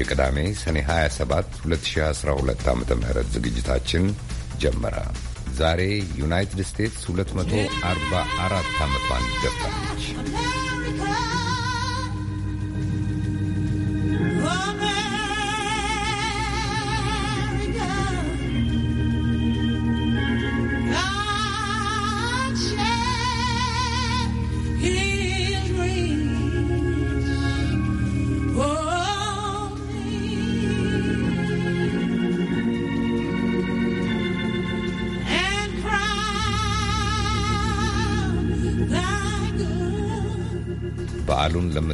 የቅዳሜ ሰኔ 27 2012 ዓ ም ዝግጅታችን ጀመረ። ዛሬ ዩናይትድ ስቴትስ 244 ዓመቷን ደፈነች።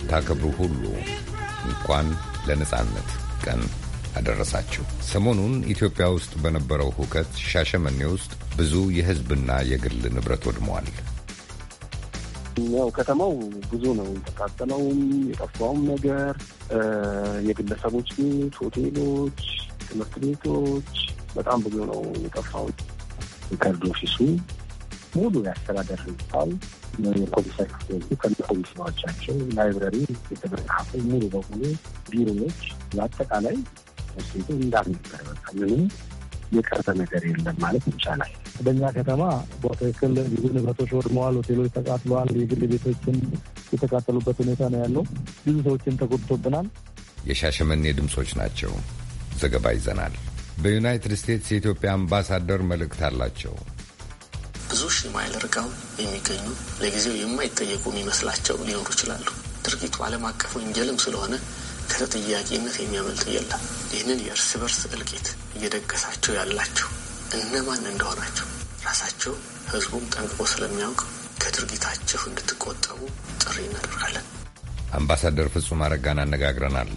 ለምታከብሩ ሁሉ እንኳን ለነጻነት ቀን አደረሳችሁ። ሰሞኑን ኢትዮጵያ ውስጥ በነበረው ሁከት ሻሸመኔ ውስጥ ብዙ የሕዝብና የግል ንብረት ወድመዋል። ያው ከተማው ብዙ ነው የተቃጠለውም፣ የጠፋውም ነገር የግለሰቦች ቤት፣ ሆቴሎች፣ ትምህርት ቤቶች በጣም ብዙ ነው የጠፋው። ከርድ ኦፊሱ ሙሉ ያስተዳደር ህንፃው የኮምፒውተር ክፍሎቹ ከነኮሚሽናዎቻቸው፣ ላይብረሪ የተመጽሐፉ ሙሉ በሙሉ ቢሮዎች፣ በአጠቃላይ ስቱ እንዳልነበር በቃ ምንም የቀረ ነገር የለም ማለት ይቻላል። በእኛ ከተማ በትክክል ብዙ ንብረቶች ወድመዋል፣ ሆቴሎች ተቃጥለዋል፣ የግል ቤቶችን የተቃጠሉበት ሁኔታ ነው ያለው። ብዙ ሰዎችን ተጎድቶብናል። የሻሸመኔ ድምፆች ናቸው። ዘገባ ይዘናል። በዩናይትድ ስቴትስ የኢትዮጵያ አምባሳደር መልእክት አላቸው። ሺህ ማይል ርቀው የሚገኙ ለጊዜው የማይጠየቁ የሚመስላቸው ሊኖሩ ይችላሉ። ድርጊቱ ዓለም አቀፍ ወንጀልም ስለሆነ ከተጠያቂነት የሚያመልጥ የለም። ይህንን የእርስ በርስ እልቂት እየደገሳቸው ያላቸው እነማን እንደሆናቸው ራሳቸው ህዝቡም ጠንቅቆ ስለሚያውቅ ከድርጊታቸው እንድትቆጠቡ ጥሪ እናደርጋለን። አምባሳደር ፍጹም አረጋን አነጋግረናል።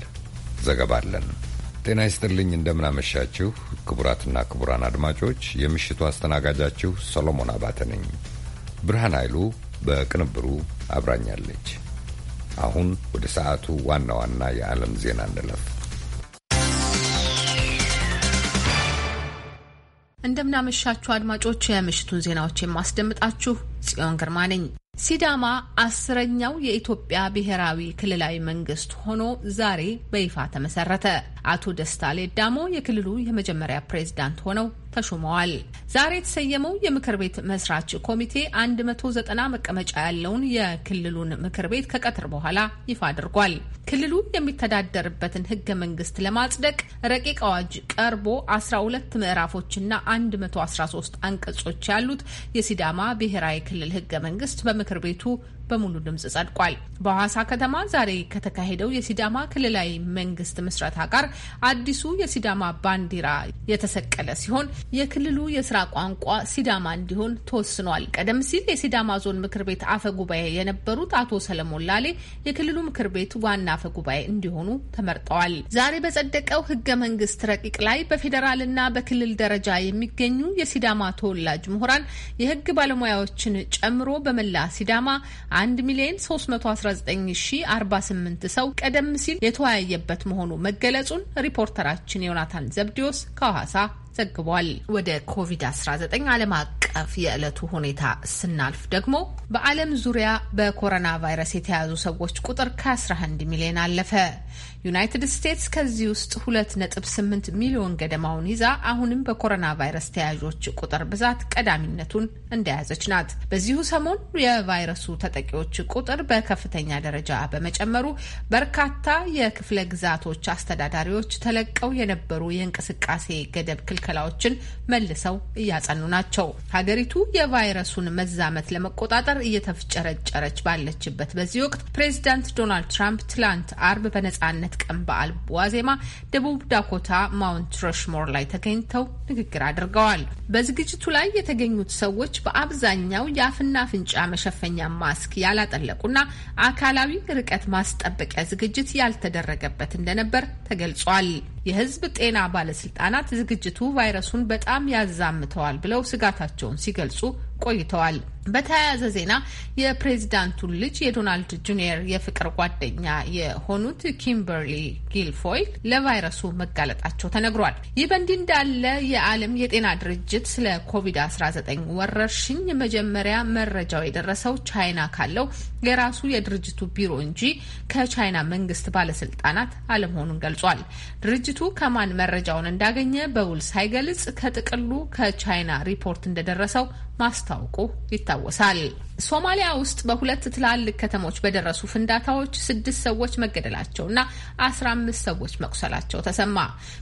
ዘገባ አለን። ጤና ይስጥልኝ እንደምናመሻችሁ ክቡራትና ክቡራን አድማጮች የምሽቱ አስተናጋጃችሁ ሰሎሞን አባተ ነኝ። ብርሃን ኃይሉ በቅንብሩ አብራኛለች። አሁን ወደ ሰዓቱ ዋና ዋና የዓለም ዜና እንለፍ። እንደምናመሻችሁ አድማጮች፣ የምሽቱን ዜናዎች የማስደምጣችሁ ጽዮን ግርማ ነኝ። ሲዳማ አስረኛው የኢትዮጵያ ብሔራዊ ክልላዊ መንግስት ሆኖ ዛሬ በይፋ ተመሰረተ። አቶ ደስታ ሌዳሞ የክልሉ የመጀመሪያ ፕሬዝዳንት ሆነው ተሾመዋል። ዛሬ የተሰየመው የምክር ቤት መስራች ኮሚቴ 190 መቀመጫ ያለውን የክልሉን ምክር ቤት ከቀትር በኋላ ይፋ አድርጓል። ክልሉ የሚተዳደርበትን ህገ መንግስት ለማጽደቅ ረቂቅ አዋጅ ቀርቦ 12 ምዕራፎችና 113 አንቀጾች ያሉት የሲዳማ ብሔራዊ ክልል ህገ መንግስት በምክር ቤቱ በሙሉ ድምፅ ጸድቋል። በሐዋሳ ከተማ ዛሬ ከተካሄደው የሲዳማ ክልላዊ መንግስት ምስረታ ጋር አዲሱ የሲዳማ ባንዲራ የተሰቀለ ሲሆን የክልሉ የስራ ቋንቋ ሲዳማ እንዲሆን ተወስኗል። ቀደም ሲል የሲዳማ ዞን ምክር ቤት አፈ ጉባኤ የነበሩት አቶ ሰለሞን ላሌ የክልሉ ምክር ቤት ዋና አፈ ጉባኤ እንዲሆኑ ተመርጠዋል። ዛሬ በጸደቀው ህገ መንግስት ረቂቅ ላይ በፌዴራልና በክልል ደረጃ የሚገኙ የሲዳማ ተወላጅ ምሁራን የህግ ባለሙያዎችን ጨምሮ በመላ ሲዳማ አንድ ሚሊዮን 319048 ሰው ቀደም ሲል የተወያየበት መሆኑ መገለጹን ሪፖርተራችን ዮናታን ዘብዲዮስ ከሐዋሳ ዘግቧል። ወደ ኮቪድ-19 ዓለም አቀፍ የዕለቱ ሁኔታ ስናልፍ ደግሞ በዓለም ዙሪያ በኮሮና ቫይረስ የተያዙ ሰዎች ቁጥር ከ11 ሚሊዮን አለፈ። ዩናይትድ ስቴትስ ከዚህ ውስጥ ሁለት ነጥብ ስምንት ሚሊዮን ገደማውን ይዛ አሁንም በኮሮና ቫይረስ ተያዦች ቁጥር ብዛት ቀዳሚነቱን እንደያዘች ናት። በዚሁ ሰሞን የቫይረሱ ተጠቂዎች ቁጥር በከፍተኛ ደረጃ በመጨመሩ በርካታ የክፍለ ግዛቶች አስተዳዳሪዎች ተለቀው የነበሩ የእንቅስቃሴ ገደብ ክልከላዎችን መልሰው እያጸኑ ናቸው። ሀገሪቱ የቫይረሱን መዛመት ለመቆጣጠር እየተፍጨረጨረች ባለችበት በዚህ ወቅት ፕሬዚዳንት ዶናልድ ትራምፕ ትላንት አርብ በነጻነት የነጻነት ቀን በዓል ዋዜማ ደቡብ ዳኮታ ማውንት ሮሽሞር ላይ ተገኝተው ንግግር አድርገዋል። በዝግጅቱ ላይ የተገኙት ሰዎች በአብዛኛው የአፍና አፍንጫ መሸፈኛ ማስክ ያላጠለቁና አካላዊ ርቀት ማስጠበቂያ ዝግጅት ያልተደረገበት እንደነበር ተገልጿል። የህዝብ ጤና ባለስልጣናት ዝግጅቱ ቫይረሱን በጣም ያዛምተዋል ብለው ስጋታቸውን ሲገልጹ ቆይተዋል። በተያያዘ ዜና የፕሬዚዳንቱን ልጅ የዶናልድ ጁኒየር የፍቅር ጓደኛ የሆኑት ኪምበርሊ ጊልፎይ ለቫይረሱ መጋለጣቸው ተነግሯል። ይህ በእንዲህ እንዳለ የዓለም የጤና ድርጅት ስለ ኮቪድ-19 ወረርሽኝ መጀመሪያ መረጃው የደረሰው ቻይና ካለው የራሱ የድርጅቱ ቢሮ እንጂ ከቻይና መንግስት ባለስልጣናት አለመሆኑን ገልጿል። ድርጅቱ ድርጅቱ ከማን መረጃውን እንዳገኘ በውል ሳይገልጽ ከጥቅሉ ከቻይና ሪፖርት እንደደረሰው ማስታወቁ ይታወሳል። ሶማሊያ ውስጥ በሁለት ትላልቅ ከተሞች በደረሱ ፍንዳታዎች ስድስት ሰዎች መገደላቸውና አስራ አምስት ሰዎች መቁሰላቸው ተሰማ።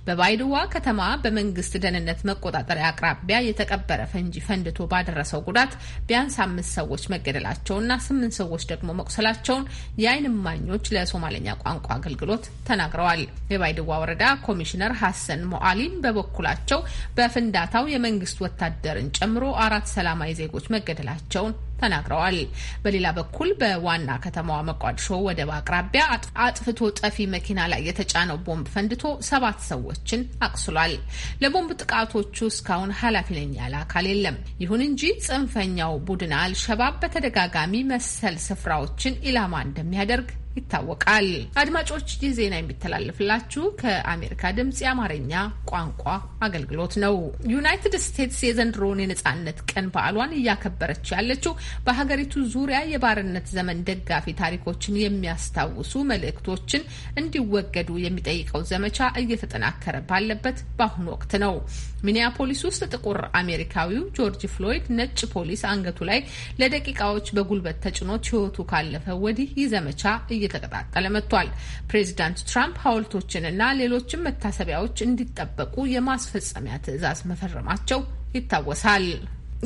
በባይድዋ ከተማ በመንግስት ደህንነት መቆጣጠሪያ አቅራቢያ የተቀበረ ፈንጂ ፈንድቶ ባደረሰው ጉዳት ቢያንስ አምስት ሰዎች መገደላቸውና ስምንት ሰዎች ደግሞ መቁሰላቸውን የአይን እማኞች ለሶማሌኛ ቋንቋ አገልግሎት ተናግረዋል። የባይድዋ ወረዳ ኮሚሽነር ሀሰን ሞአሊም በበኩላቸው በፍንዳታው የመንግስት ወታደርን ጨምሮ አራት ሰላማዊ ዜጎች መገደላቸውን ተናግረዋል። በሌላ በኩል በዋና ከተማዋ መቋድሾ ወደብ አቅራቢያ አጥፍቶ ጠፊ መኪና ላይ የተጫነው ቦምብ ፈንድቶ ሰባት ሰዎችን አቁስሏል። ለቦምብ ጥቃቶቹ እስካሁን ኃላፊ ነኝ ያለ አካል የለም። ይሁን እንጂ ጽንፈኛው ቡድን አልሸባብ በተደጋጋሚ መሰል ስፍራዎችን ኢላማ እንደሚያደርግ ይታወቃል። አድማጮች ይህ ዜና የሚተላለፍላችሁ ከአሜሪካ ድምጽ የአማርኛ ቋንቋ አገልግሎት ነው። ዩናይትድ ስቴትስ የዘንድሮውን የነጻነት ቀን በዓሏን እያከበረች ያለችው በሀገሪቱ ዙሪያ የባርነት ዘመን ደጋፊ ታሪኮችን የሚያስታውሱ መልእክቶችን እንዲወገዱ የሚጠይቀው ዘመቻ እየተጠናከረ ባለበት በአሁኑ ወቅት ነው። ሚኒያፖሊስ ውስጥ ጥቁር አሜሪካዊው ጆርጅ ፍሎይድ ነጭ ፖሊስ አንገቱ ላይ ለደቂቃዎች በጉልበት ተጭኖት ሕይወቱ ካለፈ ወዲህ ይህ ዘመቻ እየተቀጣጠለ መጥቷል። ፕሬዚዳንት ትራምፕ ሐውልቶችንና ሌሎችም መታሰቢያዎች እንዲጠበቁ የማስፈጸሚያ ትዕዛዝ መፈረማቸው ይታወሳል።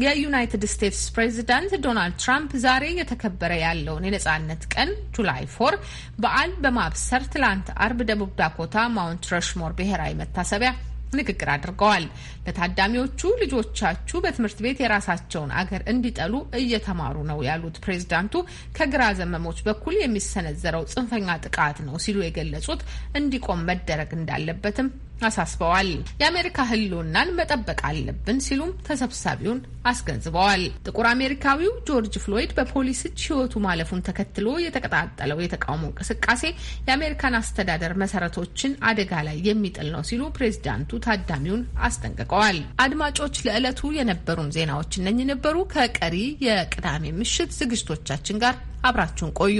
የዩናይትድ ስቴትስ ፕሬዚዳንት ዶናልድ ትራምፕ ዛሬ የተከበረ ያለውን የነጻነት ቀን ጁላይ ፎር በዓል በማብሰር ትላንት አርብ ደቡብ ዳኮታ ማውንት ረሽሞር ብሔራዊ መታሰቢያ ንግግር አድርገዋል። ለታዳሚዎቹ ልጆቻችሁ በትምህርት ቤት የራሳቸውን አገር እንዲጠሉ እየተማሩ ነው ያሉት ፕሬዝዳንቱ ከግራ ዘመሞች በኩል የሚሰነዘረው ጽንፈኛ ጥቃት ነው ሲሉ የገለጹት እንዲቆም መደረግ እንዳለበትም አሳስበዋል። የአሜሪካ ህልውናን መጠበቅ አለብን ሲሉም ተሰብሳቢውን አስገንዝበዋል። ጥቁር አሜሪካዊው ጆርጅ ፍሎይድ በፖሊስ እጅ ሕይወቱ ማለፉን ተከትሎ የተቀጣጠለው የተቃውሞ እንቅስቃሴ የአሜሪካን አስተዳደር መሰረቶችን አደጋ ላይ የሚጥል ነው ሲሉ ፕሬዚዳንቱ ታዳሚውን አስጠንቅቀዋል። አድማጮች፣ ለዕለቱ የነበሩን ዜናዎች እነኝ ነበሩ። ከቀሪ የቅዳሜ ምሽት ዝግጅቶቻችን ጋር አብራችሁን ቆዩ።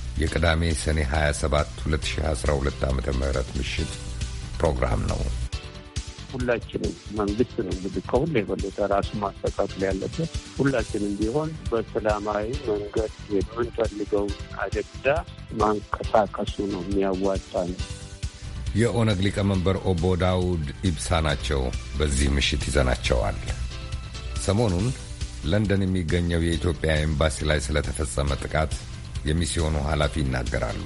የቅዳሜ ሰኔ 27 2012 ዓ ም ምሽት ፕሮግራም ነው። ሁላችንም መንግስት ነው እንግዲህ ከሁሉ የበለጠ ራሱ ማስተካከል ያለበት ሁላችንም ቢሆን በሰላማዊ መንገድ የምንፈልገው አጀንዳ ማንቀሳቀሱ ነው የሚያዋጣ ነው። የኦነግ ሊቀመንበር ኦቦ ዳውድ ኢብሳ ናቸው። በዚህ ምሽት ይዘናቸዋል። ሰሞኑን ለንደን የሚገኘው የኢትዮጵያ ኤምባሲ ላይ ስለተፈጸመ ጥቃት የሚስዮኑ ኃላፊ ይናገራሉ።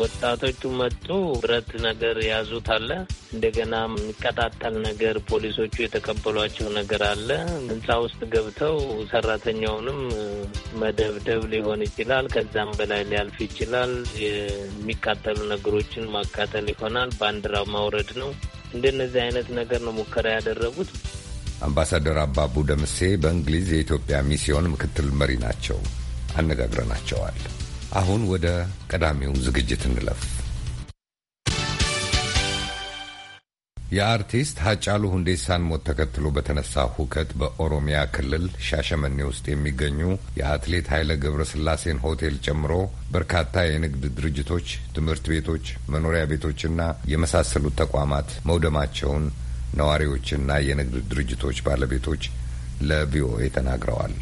ወጣቶቹ መጡ። ብረት ነገር የያዙት አለ። እንደገና የሚቀጣጠል ነገር ፖሊሶቹ የተቀበሏቸው ነገር አለ። ህንፃ ውስጥ ገብተው ሰራተኛውንም መደብደብ ሊሆን ይችላል። ከዛም በላይ ሊያልፍ ይችላል። የሚቃጠሉ ነገሮችን ማቃጠል ይሆናል። ባንዲራ ማውረድ ነው። እንደነዚህ አይነት ነገር ነው ሙከራ ያደረጉት። አምባሳደር አባቡ ደምሴ በእንግሊዝ የኢትዮጵያ ሚስዮን ምክትል መሪ ናቸው። አነጋግረናቸዋል። አሁን ወደ ቀዳሚው ዝግጅት እንለፍ። የአርቲስት ሀጫሉ ሁንዴሳን ሞት ተከትሎ በተነሳ ሁከት በኦሮሚያ ክልል ሻሸመኔ ውስጥ የሚገኙ የአትሌት ኃይለ ገብረስላሴን ሆቴል ጨምሮ በርካታ የንግድ ድርጅቶች፣ ትምህርት ቤቶች፣ መኖሪያ ቤቶችና የመሳሰሉት ተቋማት መውደማቸውን ነዋሪዎችና የንግድ ድርጅቶች ባለቤቶች ለቪኦኤ ተናግረዋል።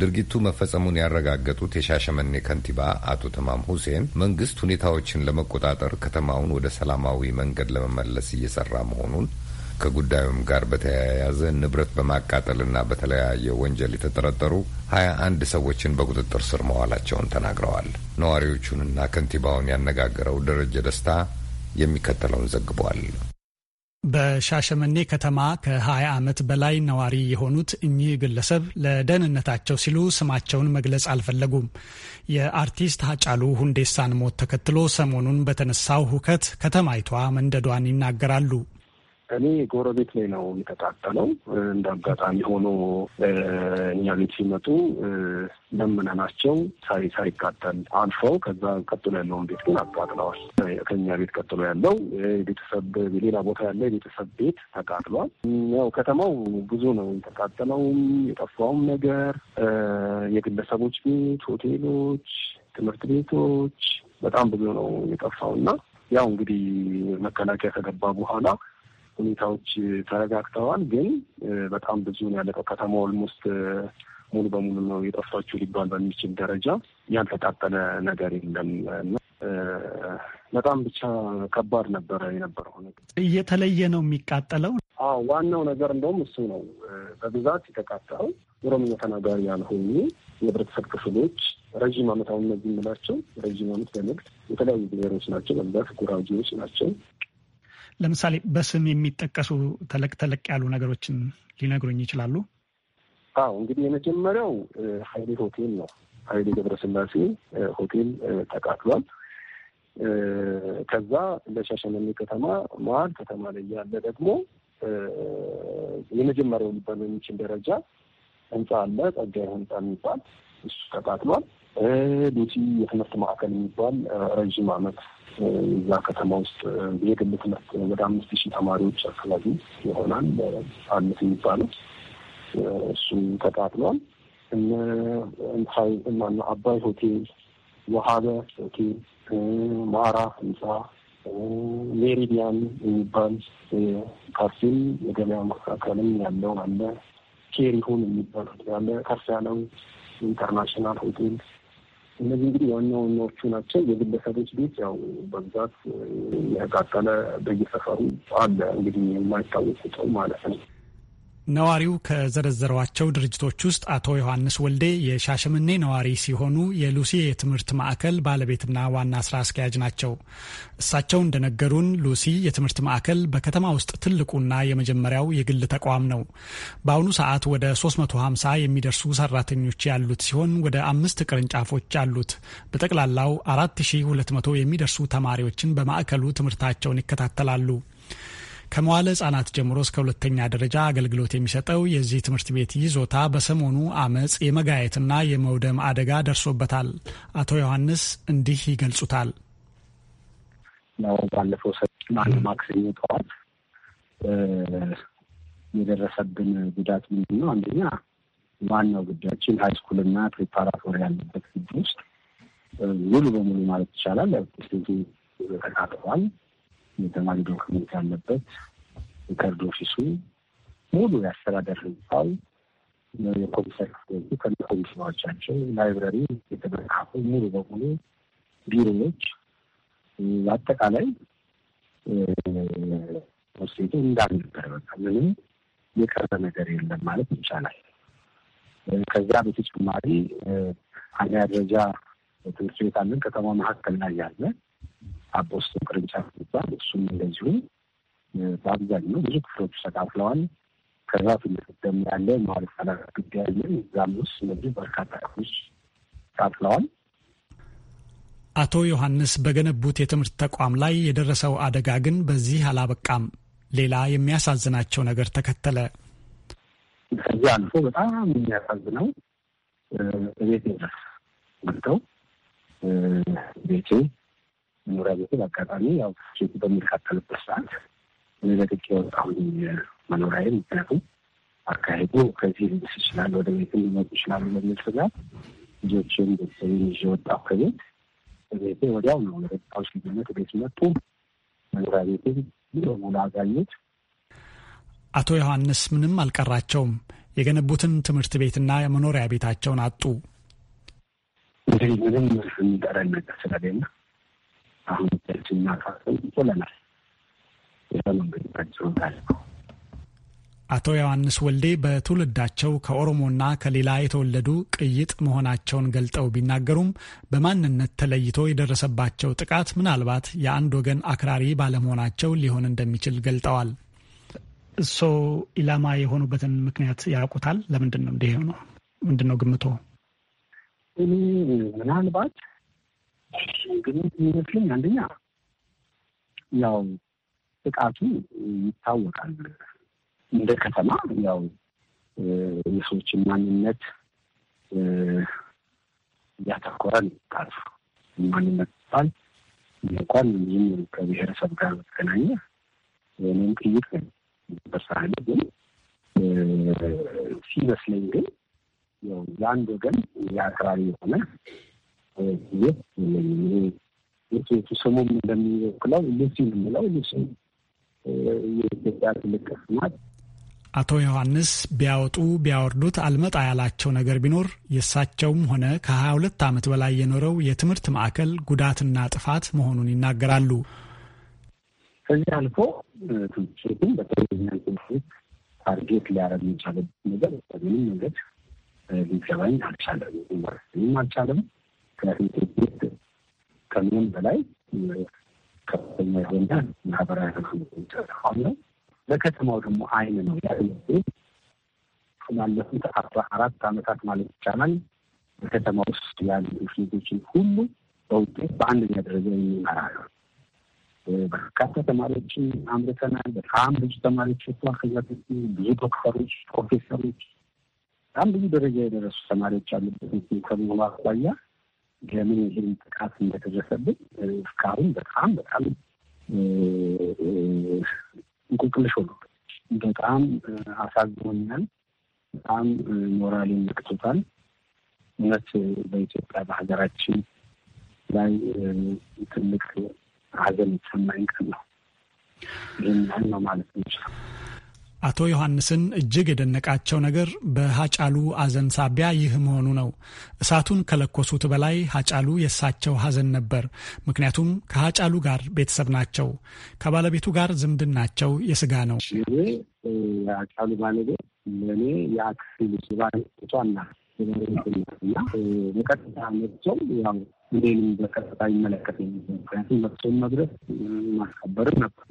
ድርጊቱ መፈጸሙን ያረጋገጡት የሻሸመኔ ከንቲባ አቶ ተማም ሁሴን መንግስት ሁኔታዎችን ለመቆጣጠር ከተማውን ወደ ሰላማዊ መንገድ ለመመለስ እየሰራ መሆኑን ከጉዳዩም ጋር በተያያዘ ንብረት በማቃጠልና በተለያየ ወንጀል የተጠረጠሩ ሀያ አንድ ሰዎችን በቁጥጥር ስር መዋላቸውን ተናግረዋል። ነዋሪዎቹንና ከንቲባውን ያነጋገረው ደረጀ ደስታ የሚከተለውን ዘግቧል። በሻሸመኔ ከተማ ከ20 ዓመት በላይ ነዋሪ የሆኑት እኚህ ግለሰብ ለደህንነታቸው ሲሉ ስማቸውን መግለጽ አልፈለጉም። የአርቲስት ሀጫሉ ሁንዴሳን ሞት ተከትሎ ሰሞኑን በተነሳው ሁከት ከተማይቷ መንደዷን ይናገራሉ። እኔ ጎረቤት ላይ ነው የተቃጠለው። እንደ አጋጣሚ ሆኖ እኛ ቤት ሲመጡ ለምነናቸው ሳይቃጠል አልፈው ከዛ ቀጥሎ ያለውን ቤት ግን አቃጥለዋል። ከኛ ቤት ቀጥሎ ያለው የቤተሰብ ሌላ ቦታ ያለ የቤተሰብ ቤት ተቃጥሏል። ያው ከተማው ብዙ ነው የተቃጠለውም የጠፋውም ነገር የግለሰቦች ቤት፣ ሆቴሎች፣ ትምህርት ቤቶች በጣም ብዙ ነው የጠፋው እና ያው እንግዲህ መከላከያ ከገባ በኋላ ሁኔታዎች ተረጋግተዋል። ግን በጣም ብዙ ነው ያለቀው። ከተማ ኦልሞስት ሙሉ በሙሉ ነው የጠፋችው ሊባል በሚችል ደረጃ ያልተቃጠለ ነገር የለም እና በጣም ብቻ ከባድ ነበረ የነበረው ነገር። እየተለየ ነው የሚቃጠለው። አዎ ዋናው ነገር እንደውም እሱ ነው በብዛት የተቃጠለው ኦሮምኛ ተናጋሪ ያልሆኑ የህብረተሰብ ክፍሎች ረዥም ዓመት አሁን እነዚህ የምላቸው ረዥም ዓመት በንግድ የተለያዩ ብሔሮች ናቸው በብዛት ጉራጌዎች ናቸው ለምሳሌ በስም የሚጠቀሱ ተለቅ ተለቅ ያሉ ነገሮችን ሊነግሩኝ ይችላሉ? አዎ እንግዲህ የመጀመሪያው ሀይሌ ሆቴል ነው። ሀይሌ ገብረስላሴ ሆቴል ተቃጥሏል። ከዛ ለሻሸመኔ ከተማ መሀል ከተማ ላይ ያለ ደግሞ የመጀመሪያው ሊባል በሚችል ደረጃ ህንፃ አለ። ጸጋዬ ህንፃ የሚባል እሱ ተቃጥሏል። ሉሲ የትምህርት ማዕከል የሚባል ረዥም አመት እዛ ከተማ ውስጥ የግል ትምህርት ወደ አምስት ሺህ ተማሪዎች አካባቢ ይሆናል አነት የሚባለው እሱ ተቃጥሏል። አባይ ሆቴል፣ ወሀበ ሆቴል፣ ማራ ህንፃ፣ ሜሪዲያን የሚባል ካርሲም የገበያ መካከልም ያለው አለ። ኬሪሁን የሚባል ሆቴል አለ። ከፍ ያለው ኢንተርናሽናል ሆቴል እነዚህ እንግዲህ ዋና ዋናዎቹ ናቸው። የግለሰቦች ቤት ያው በብዛት ያቃጠለ በየሰፈሩ አለ እንግዲህ የማይታወቅ ቁጥር ማለት ነው። ነዋሪው ከዘረዘሯቸው ድርጅቶች ውስጥ አቶ ዮሐንስ ወልዴ የሻሸመኔ ነዋሪ ሲሆኑ የሉሲ የትምህርት ማዕከል ባለቤትና ዋና ስራ አስኪያጅ ናቸው። እሳቸው እንደነገሩን ሉሲ የትምህርት ማዕከል በከተማ ውስጥ ትልቁና የመጀመሪያው የግል ተቋም ነው። በአሁኑ ሰዓት ወደ 350 የሚደርሱ ሰራተኞች ያሉት ሲሆን ወደ አምስት ቅርንጫፎች አሉት። በጠቅላላው 4200 የሚደርሱ ተማሪዎችን በማዕከሉ ትምህርታቸውን ይከታተላሉ። ከመዋለ ህጻናት ጀምሮ እስከ ሁለተኛ ደረጃ አገልግሎት የሚሰጠው የዚህ ትምህርት ቤት ይዞታ በሰሞኑ አመፅ የመጋየትና የመውደም አደጋ ደርሶበታል። አቶ ዮሐንስ እንዲህ ይገልጹታል። ነው ባለፈው ሰማን ማክሰኞ ጠዋት የደረሰብን ጉዳት ምንድን ነው? አንደኛ ዋናው ግቢያችን ሃይስኩልና ፕሪፓራቶሪ ያለበት ግቢ ውስጥ ሙሉ በሙሉ ማለት ይቻላል ተቃጥሏል። የተማሪ ዶክመንት ያለበት ሪከርድ ኦፊሱ ሙሉ የአስተዳደር ህንፃው የኮሚሰር ክፍሎቹ ከነኮሚሽናዎቻቸው ላይብረሪ የተመካፉ ሙሉ በሙሉ ቢሮዎች፣ አጠቃላይ ወስቱ እንዳልነበረ በቃ ምንም የቀረ ነገር የለም ማለት ይቻላል። ከዚያ በተጨማሪ አንደኛ ደረጃ ትምህርት ቤት አለን ከተማ መካከል ላይ ያለ አፖስቶ ቅርንጫፍ ይባል እሱም እንደዚሁ በአብዛኛው ብዙ ክፍሎች ተካፍለዋል። ከዛ ፊት ቀደም ያለ ማሪፍ ጉዳይ ምን እዛም ውስጥ እነዚህ በርካታ ክፍሎች ተካፍለዋል። አቶ ዮሐንስ በገነቡት የትምህርት ተቋም ላይ የደረሰው አደጋ ግን በዚህ አላበቃም። ሌላ የሚያሳዝናቸው ነገር ተከተለ። ከዚህ አልፎ በጣም የሚያሳዝነው ቤቴ ድረስ መጥተው ቤቴ መኖሪያ ቤቱ በአጋጣሚ ያው ሴቱ በሚቃጠልበት ሰዓት ለቅቄ የወጣሁኝ መኖሪያ ምክንያቱም አካሄዱ ከዚህ ልብስ ይችላል ወደ ቤት ሊመጡ ይችላሉ በሚል ስጋት ልጆችን ቤተሰብን ይዤ ወጣሁ ከቤት። ቤቴ ወዲያው ነው የደቂቃዎች ልዩነት ቤት መጡ። መኖሪያ ቤትን ሙሉ አጋኙት። አቶ ዮሐንስ ምንም አልቀራቸውም። የገነቡትን ትምህርት ቤትና የመኖሪያ ቤታቸውን አጡ። እንግዲህ ምንም የሚቀረን ነገር ስለሌለ አቶ ዮሐንስ ወልዴ በትውልዳቸው ከኦሮሞና ከሌላ የተወለዱ ቅይጥ መሆናቸውን ገልጠው ቢናገሩም በማንነት ተለይቶ የደረሰባቸው ጥቃት ምናልባት የአንድ ወገን አክራሪ ባለመሆናቸው ሊሆን እንደሚችል ገልጠዋል። እሶ ኢላማ የሆኑበትን ምክንያት ያውቁታል? ለምንድን ነው እንዲህ ነው? ምንድን ነው ግምቶ? ምናልባት ግንት የሚመስለኝ አንደኛ ያው ጥቃቱ ይታወቃል። እንደ ከተማ ያው የሰዎችን ማንነት እያተኮረ ነው ጥቃቱ። ማንነት ባል እንኳን ይህም ከብሔረሰብ ጋር በተገናኘ እኔም ጥይቅ ነኝ በሳህል ግን ሲመስለኝ ግን ያው የአንድ ወገን የአክራሪ የሆነ ጊዜ ስሙም እንደሚወክለው ልብስ የምንለው ልብስ የኢትዮጵያ ትልቅ ናት። አቶ ዮሐንስ ቢያወጡ ቢያወርዱት አልመጣ ያላቸው ነገር ቢኖር የእሳቸውም ሆነ ከ22 ዓመት በላይ የኖረው የትምህርት ማዕከል ጉዳትና ጥፋት መሆኑን ይናገራሉ። ከዚህ አልፎ ትምህርቱን በተለይኛል ታርጌት ሊያረግ የሚቻለበት ነገር በምንም መንገድ ሊገባኝ አልቻለም፣ አልቻለም ምክንያቱም ድርጅት ከምንም በላይ ከፍተኛ የሆነ ማህበራዊ ሆነ ነው። ለከተማው ደግሞ አይን ነው። ያ ቤት አስራ አራት ዓመታት ማለት ይቻላል በከተማ ውስጥ ያሉ ኢንስቲትዩቶችን ሁሉ በውጤት በአንደኛ ደረጃ ይመራሉ። በርካታ ተማሪዎችን አምርተናል። በጣም ብዙ ተማሪዎች ወጥተዋል። ከዛ ብዙ ዶክተሮች፣ ፕሮፌሰሮች በጣም ብዙ ደረጃ የደረሱ ተማሪዎች አሉበት ከመሆኑ አኳያ ለምን ይህን ጥቃት እንደደረሰብን እስካሁን በጣም በጣም እንቁልቅልሽ ሆኖ በጣም አሳዝኖኛል። በጣም ሞራሌን ነክቶታል። እውነት በኢትዮጵያ በሀገራችን ላይ ትልቅ ሀዘን የተሰማኝ ቀን ነው። ይህን ያህል ነው ማለት እንችላል። አቶ ዮሐንስን እጅግ የደነቃቸው ነገር በሀጫሉ አዘን ሳቢያ ይህ መሆኑ ነው። እሳቱን ከለኮሱት በላይ ሀጫሉ የእሳቸው ሀዘን ነበር። ምክንያቱም ከሀጫሉ ጋር ቤተሰብ ናቸው፣ ከባለቤቱ ጋር ዝምድናቸው የስጋ ነው። እኔ የሀጫሉ ባለቤት ለእኔ በቀጥታ መጥቶም ያው እኔንም በቀጥታ ይመለከት ምክንያቱም መጥቶም መድረስ ማስከበርም ነበር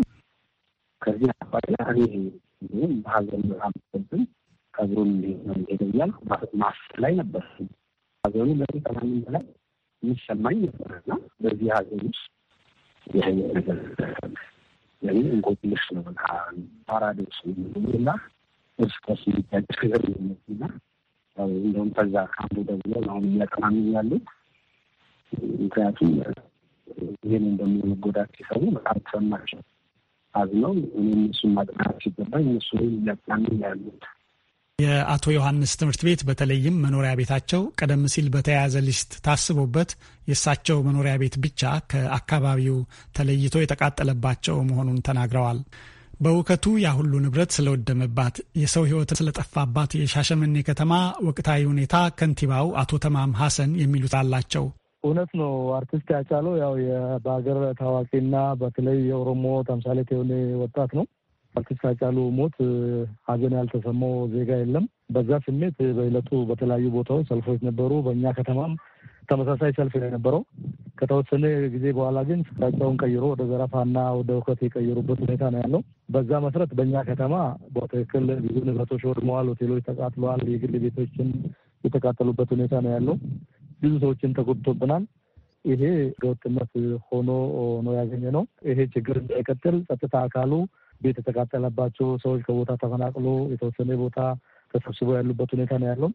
ከዚህ አባላ እኔ እንዲሁም በሀዘን በጣም ስብን ከብሩን እንዲሄደኛል ማስብ ላይ ነበር። ሀዘኑ ለ ከማንም በላይ የሚሰማኝ ነበርና በዚህ ሀዘን ውስጥ ይህ ነገር ለምን እንቆቅልሽ ነው ፓራዶክስ እና እርስቀስ በርስ የሚጋጭ እንደውም ከዛ ከአንዱ ደግሞ አሁን እያቀማሚ ያሉ ምክንያቱም ይህን እንደሚጎዳት ሲሰሩ በጣም ተሰማቸው አዝነው እኔ እነሱን ማጥናት ሲገባኝ እነሱ እያጣኑ ያሉት የአቶ ዮሐንስ ትምህርት ቤት በተለይም መኖሪያ ቤታቸው ቀደም ሲል በተያያዘ ሊስት ታስቦበት የእሳቸው መኖሪያ ቤት ብቻ ከአካባቢው ተለይቶ የተቃጠለባቸው መሆኑን ተናግረዋል። በውከቱ ያሁሉ ንብረት ስለወደመባት የሰው ሕይወት ስለጠፋባት የሻሸመኔ ከተማ ወቅታዊ ሁኔታ ከንቲባው አቶ ተማም ሐሰን የሚሉት አላቸው። እውነት ነው። አርቲስት ያጫለው ያው በሀገር ታዋቂና በተለይ የኦሮሞ ተምሳሌት የሆነ ወጣት ነው። አርቲስት ሃጫሉ ሞት ሀዘን ያልተሰማው ዜጋ የለም። በዛ ስሜት በዕለቱ በተለያዩ ቦታዎች ሰልፎች ነበሩ። በእኛ ከተማም ተመሳሳይ ሰልፍ ነው የነበረው። ከተወሰነ ጊዜ በኋላ ግን ስራቸውን ቀይሮ ወደ ዘረፋና ወደ ውከት የቀየሩበት ሁኔታ ነው ያለው። በዛ መሰረት በእኛ ከተማ በትክክል ብዙ ንብረቶች ወድመዋል፣ ሆቴሎች ተቃጥለዋል፣ የግል ቤቶችን የተቃጠሉበት ሁኔታ ነው ያለው። ብዙ ሰዎችን ተጎድቶብናል። ይሄ ህገወጥነት ሆኖ ነው ያገኘ ነው። ይሄ ችግር እንዳይቀጥል ጸጥታ አካሉ ቤት የተቃጠለባቸው ሰዎች ከቦታ ተፈናቅሎ የተወሰነ ቦታ ተሰብስበው ያሉበት ሁኔታ ነው ያለው።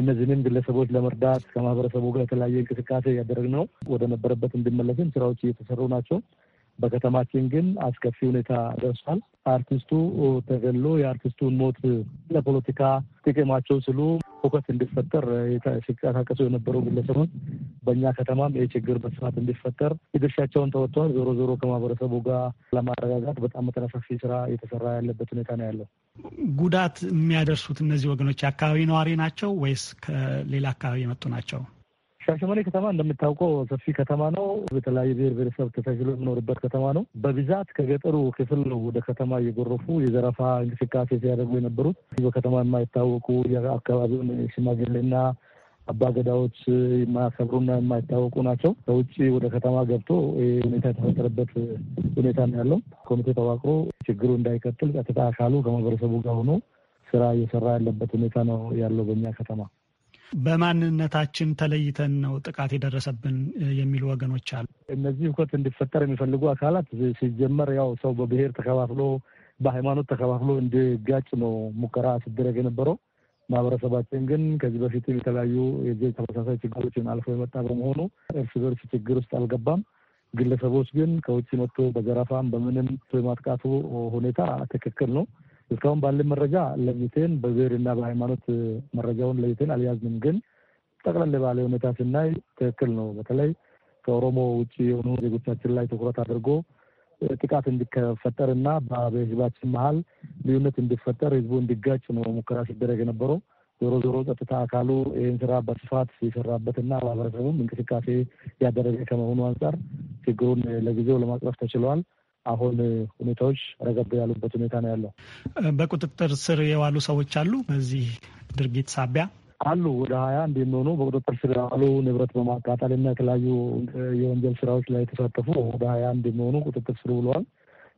እነዚህንም ግለሰቦች ለመርዳት ከማህበረሰቡ ጋር የተለያየ እንቅስቃሴ እያደረግን ነው። ወደ ነበረበት እንዲመለስም ስራዎች እየተሰሩ ናቸው። በከተማችን ግን አስከፊ ሁኔታ ደርሷል። አርቲስቱ ተገሎ የአርቲስቱን ሞት ለፖለቲካ ጥቅማቸው ስሉ ሁከት እንዲፈጠር ሲንቀሳቀሱ የነበሩ ግለሰቦች በእኛ ከተማም ይህ ችግር በስፋት እንዲፈጠር የድርሻቸውን ተወጥተዋል። ዞሮ ዞሮ ከማህበረሰቡ ጋር ለማረጋጋት በጣም መጠነ ሰፊ ስራ እየተሰራ ያለበት ሁኔታ ነው ያለው። ጉዳት የሚያደርሱት እነዚህ ወገኖች የአካባቢ ነዋሪ ናቸው ወይስ ከሌላ አካባቢ የመጡ ናቸው? ሻሸመኔ ከተማ እንደምታውቀው ሰፊ ከተማ ነው። በተለያዩ ብሔር ብሔረሰብ ተሻሽሎ የሚኖርበት ከተማ ነው። በብዛት ከገጠሩ ክፍል ወደ ከተማ እየጎረፉ የዘረፋ እንቅስቃሴ ሲያደርጉ የነበሩት በከተማ የማይታወቁ የአካባቢውን ሽማግሌና አባገዳዎች የማያከብሩና የማይታወቁ ናቸው። ከውጭ ወደ ከተማ ገብቶ ሁኔታ የተፈጠረበት ሁኔታ ነው ያለው። ኮሚቴ ተዋቅሮ ችግሩ እንዳይቀጥል ቀጥታ አካሉ ከማህበረሰቡ ጋር ሆኖ ስራ እየሰራ ያለበት ሁኔታ ነው ያለው በእኛ ከተማ። በማንነታችን ተለይተን ነው ጥቃት የደረሰብን የሚሉ ወገኖች አሉ። እነዚህ ሁከት እንዲፈጠር የሚፈልጉ አካላት ሲጀመር ያው ሰው በብሔር ተከፋፍሎ በሃይማኖት ተከፋፍሎ እንዲጋጭ ነው ሙከራ ሲደረግ የነበረው። ማህበረሰባችን ግን ከዚህ በፊትም የተለያዩ የዚህ ተመሳሳይ ችግሮችን አልፎ የመጣ በመሆኑ እርስ በርስ ችግር ውስጥ አልገባም። ግለሰቦች ግን ከውጭ መጥቶ በዘረፋም በምንም ማጥቃቱ ሁኔታ ትክክል ነው። እስካሁን ባለን መረጃ ለይተን በብሔርና በሃይማኖት መረጃውን ለይቴን አልያዝንም። ግን ጠቅለል ባለ ሁኔታ ስናይ ትክክል ነው። በተለይ ከኦሮሞ ውጭ የሆኑ ዜጎቻችን ላይ ትኩረት አድርጎ ጥቃት እንዲፈጠር እና በህዝባችን መሀል ልዩነት እንዲፈጠር ህዝቡ እንዲጋጭ ነው ሙከራ ሲደረግ የነበረው። ዞሮ ዞሮ ጸጥታ አካሉ ይህን ስራ በስፋት የሰራበትና ማህበረሰቡም እንቅስቃሴ ያደረገ ከመሆኑ አንጻር ችግሩን ለጊዜው ለማቅረፍ ተችሏል። አሁን ሁኔታዎች ረገብ ያሉበት ሁኔታ ነው ያለው። በቁጥጥር ስር የዋሉ ሰዎች አሉ። በዚህ ድርጊት ሳቢያ አሉ ወደ ሀያ እንደሚሆኑ በቁጥጥር ስር ያሉ ንብረት በማቃጠልና የተለያዩ የወንጀል ስራዎች ላይ የተሳተፉ ወደ ሀያ እንደሚሆኑ ቁጥጥር ስር ውለዋል።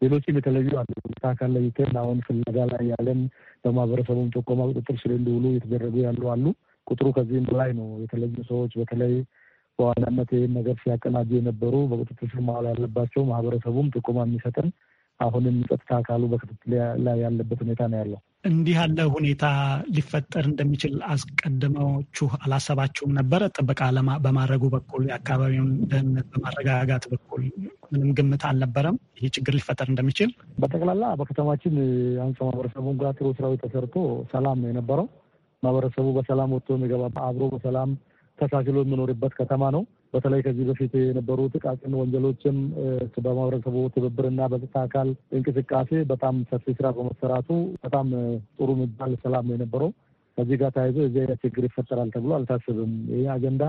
ሌሎችም የተለዩ አሉ። አካል ለይተን አሁን ፍለጋ ላይ ያለን በማህበረሰቡም ጥቆማ ቁጥጥር ስር እንዲውሉ የተደረጉ ያሉ አሉ። ቁጥሩ ከዚህም በላይ ነው። የተለዩ ሰዎች በተለይ በዋናነት ይህን ነገር ሲያቀናጁ የነበሩ በቁጥጥር ስር መዋል ያለባቸው ማህበረሰቡም ጥቆማ የሚሰጠን አሁንም ጸጥታ አካሉ በክትትል ላይ ያለበት ሁኔታ ነው ያለው። እንዲህ ያለ ሁኔታ ሊፈጠር እንደሚችል አስቀድመዎቹ አላሰባችሁም ነበረ? ጥበቃ በማድረጉ በኩል የአካባቢውን ደህንነት በማረጋጋት በኩል ምንም ግምት አልነበረም ይህ ችግር ሊፈጠር እንደሚችል? በጠቅላላ በከተማችን አንጻ ማህበረሰቡን ጋር ጥሩ ስራዊ ተሰርቶ ሰላም ነው የነበረው። ማህበረሰቡ በሰላም ወጥቶ የሚገባ አብሮ በሰላም ተሻሽሎ የምኖርበት ከተማ ነው። በተለይ ከዚህ በፊት የነበሩ ጥቃቅን ወንጀሎችም በማህበረሰቡ ትብብርና በጸጥታ አካል እንቅስቃሴ በጣም ሰፊ ስራ በመሰራቱ በጣም ጥሩ የሚባል ሰላም የነበረው። ከዚህ ጋር ተያይዞ የዚህ አይነት ችግር ይፈጠራል ተብሎ አልታስብም። ይህ አጀንዳ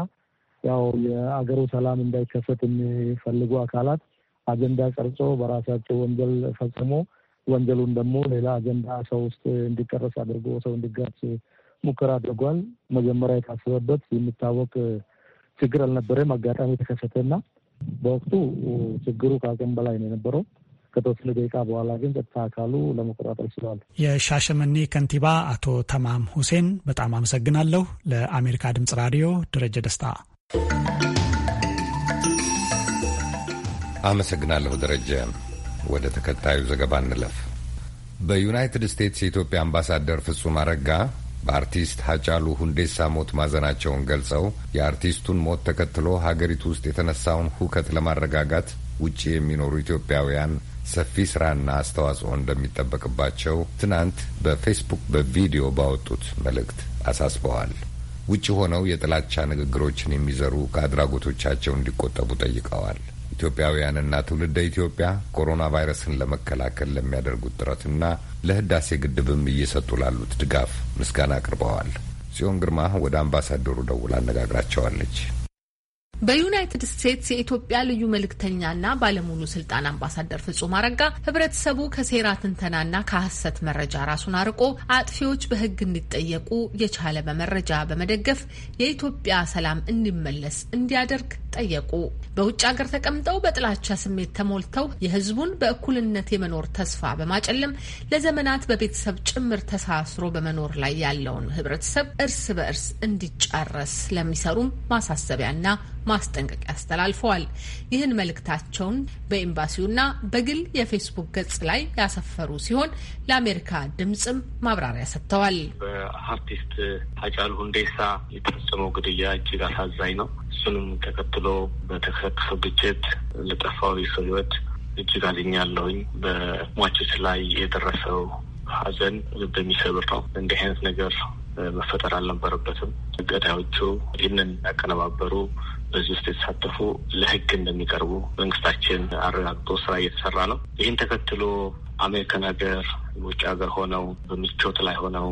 ያው የአገሩ ሰላም እንዳይከሰት የሚፈልጉ አካላት አጀንዳ ቀርጾ በራሳቸው ወንጀል ፈጽሞ ወንጀሉን ደግሞ ሌላ አጀንዳ ሰው ውስጥ እንዲቀረስ አድርጎ ሰው እንዲጋጭ ሙከራ አድርጓል። መጀመሪያ የታሰበበት የሚታወቅ ችግር አልነበረም። አጋጣሚ የተከሰተ ና በወቅቱ ችግሩ ከአቅም በላይ ነው የነበረው። ከተወሰነ ደቂቃ በኋላ ግን ጸጥታ አካሉ ለመቆጣጠር ችለዋል። የሻሸመኔ ከንቲባ አቶ ተማም ሁሴን በጣም አመሰግናለሁ። ለአሜሪካ ድምጽ ራዲዮ ደረጀ ደስታ አመሰግናለሁ። ደረጀ፣ ወደ ተከታዩ ዘገባ እንለፍ። በዩናይትድ ስቴትስ የኢትዮጵያ አምባሳደር ፍጹም አረጋ በአርቲስት ሀጫሉ ሁንዴሳ ሞት ማዘናቸውን ገልጸው የአርቲስቱን ሞት ተከትሎ ሀገሪቱ ውስጥ የተነሳውን ሁከት ለማረጋጋት ውጭ የሚኖሩ ኢትዮጵያውያን ሰፊ ስራና አስተዋጽኦ እንደሚጠበቅባቸው ትናንት በፌስቡክ በቪዲዮ ባወጡት መልእክት አሳስበዋል። ውጭ ሆነው የጥላቻ ንግግሮችን የሚዘሩ ከአድራጎቶቻቸው እንዲቆጠቡ ጠይቀዋል። ኢትዮጵያውያንና ትውልደ ኢትዮጵያ ኮሮና ቫይረስን ለመከላከል ለሚያደርጉት ጥረትና ለህዳሴ ግድብም እየሰጡ ላሉት ድጋፍ ምስጋና አቅርበዋል። ጽዮን ግርማ ወደ አምባሳደሩ ደውላ አነጋግራቸዋለች። በዩናይትድ ስቴትስ የኢትዮጵያ ልዩ መልእክተኛና ባለሙሉ ስልጣን አምባሳደር ፍጹም አረጋ ህብረተሰቡ ከሴራ ትንተናና ከሀሰት መረጃ ራሱን አርቆ አጥፊዎች በህግ እንዲጠየቁ የቻለ በመረጃ በመደገፍ የኢትዮጵያ ሰላም እንዲመለስ እንዲያደርግ ጠየቁ። በውጭ ሀገር ተቀምጠው በጥላቻ ስሜት ተሞልተው የህዝቡን በእኩልነት የመኖር ተስፋ በማጨለም ለዘመናት በቤተሰብ ጭምር ተሳስሮ በመኖር ላይ ያለውን ህብረተሰብ እርስ በእርስ እንዲጫረስ ለሚሰሩም ማሳሰቢያና ማስጠንቀቂያ አስተላልፈዋል። ይህን መልእክታቸውን በኤምባሲውና በግል የፌስቡክ ገጽ ላይ ያሰፈሩ ሲሆን ለአሜሪካ ድምፅም ማብራሪያ ሰጥተዋል። በአርቲስት ሃጫሉ ሁንዴሳ የተፈጸመው ግድያ እጅግ አሳዛኝ ነው። እሱንም ተከትሎ በተከሰከሰው ግጭት ለጠፋው የሰው ህይወት እጅግ አዝኛለሁኝ። በሟቾች ላይ የደረሰው ሀዘን ልብ የሚሰብር ነው። እንዲህ አይነት ነገር መፈጠር አልነበረበትም። ገዳዮቹ ይህንን ያቀነባበሩ በዚህ ውስጥ የተሳተፉ ለህግ እንደሚቀርቡ መንግስታችን አረጋግጦ ስራ እየተሰራ ነው። ይህን ተከትሎ አሜሪካን ሀገር፣ ውጭ ሀገር ሆነው በምቾት ላይ ሆነው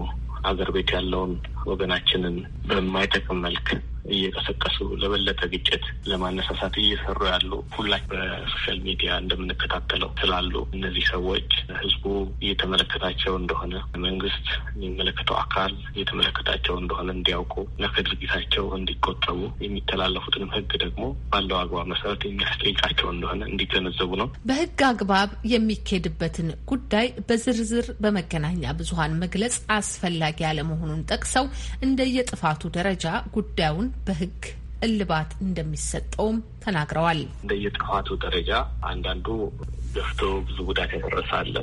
አገር ቤት ያለውን ወገናችንን በማይጠቅም መልክ እየቀሰቀሱ ለበለጠ ግጭት ለማነሳሳት እየሰሩ ያሉ ሁላች በሶሻል ሚዲያ እንደምንከታተለው ስላሉ እነዚህ ሰዎች ህዝቡ እየተመለከታቸው እንደሆነ መንግስት የሚመለከተው አካል እየተመለከታቸው እንደሆነ እንዲያውቁ እና ከድርጊታቸው እንዲቆጠቡ የሚተላለፉትንም ህግ ደግሞ ባለው አግባብ መሰረት የሚያስጠይቃቸው እንደሆነ እንዲገነዘቡ ነው። በህግ አግባብ የሚካሄድበትን ጉዳይ በዝርዝር በመገናኛ ብዙሀን መግለጽ አስፈላጊ ያለመሆኑን ጠቅሰው እንደየጥፋቱ ደረጃ ጉዳዩን በህግ እልባት እንደሚሰጠውም ተናግረዋል። እንደየጥፋቱ ደረጃ አንዳንዱ ገፍቶ ብዙ ጉዳት ያደረሳለ፣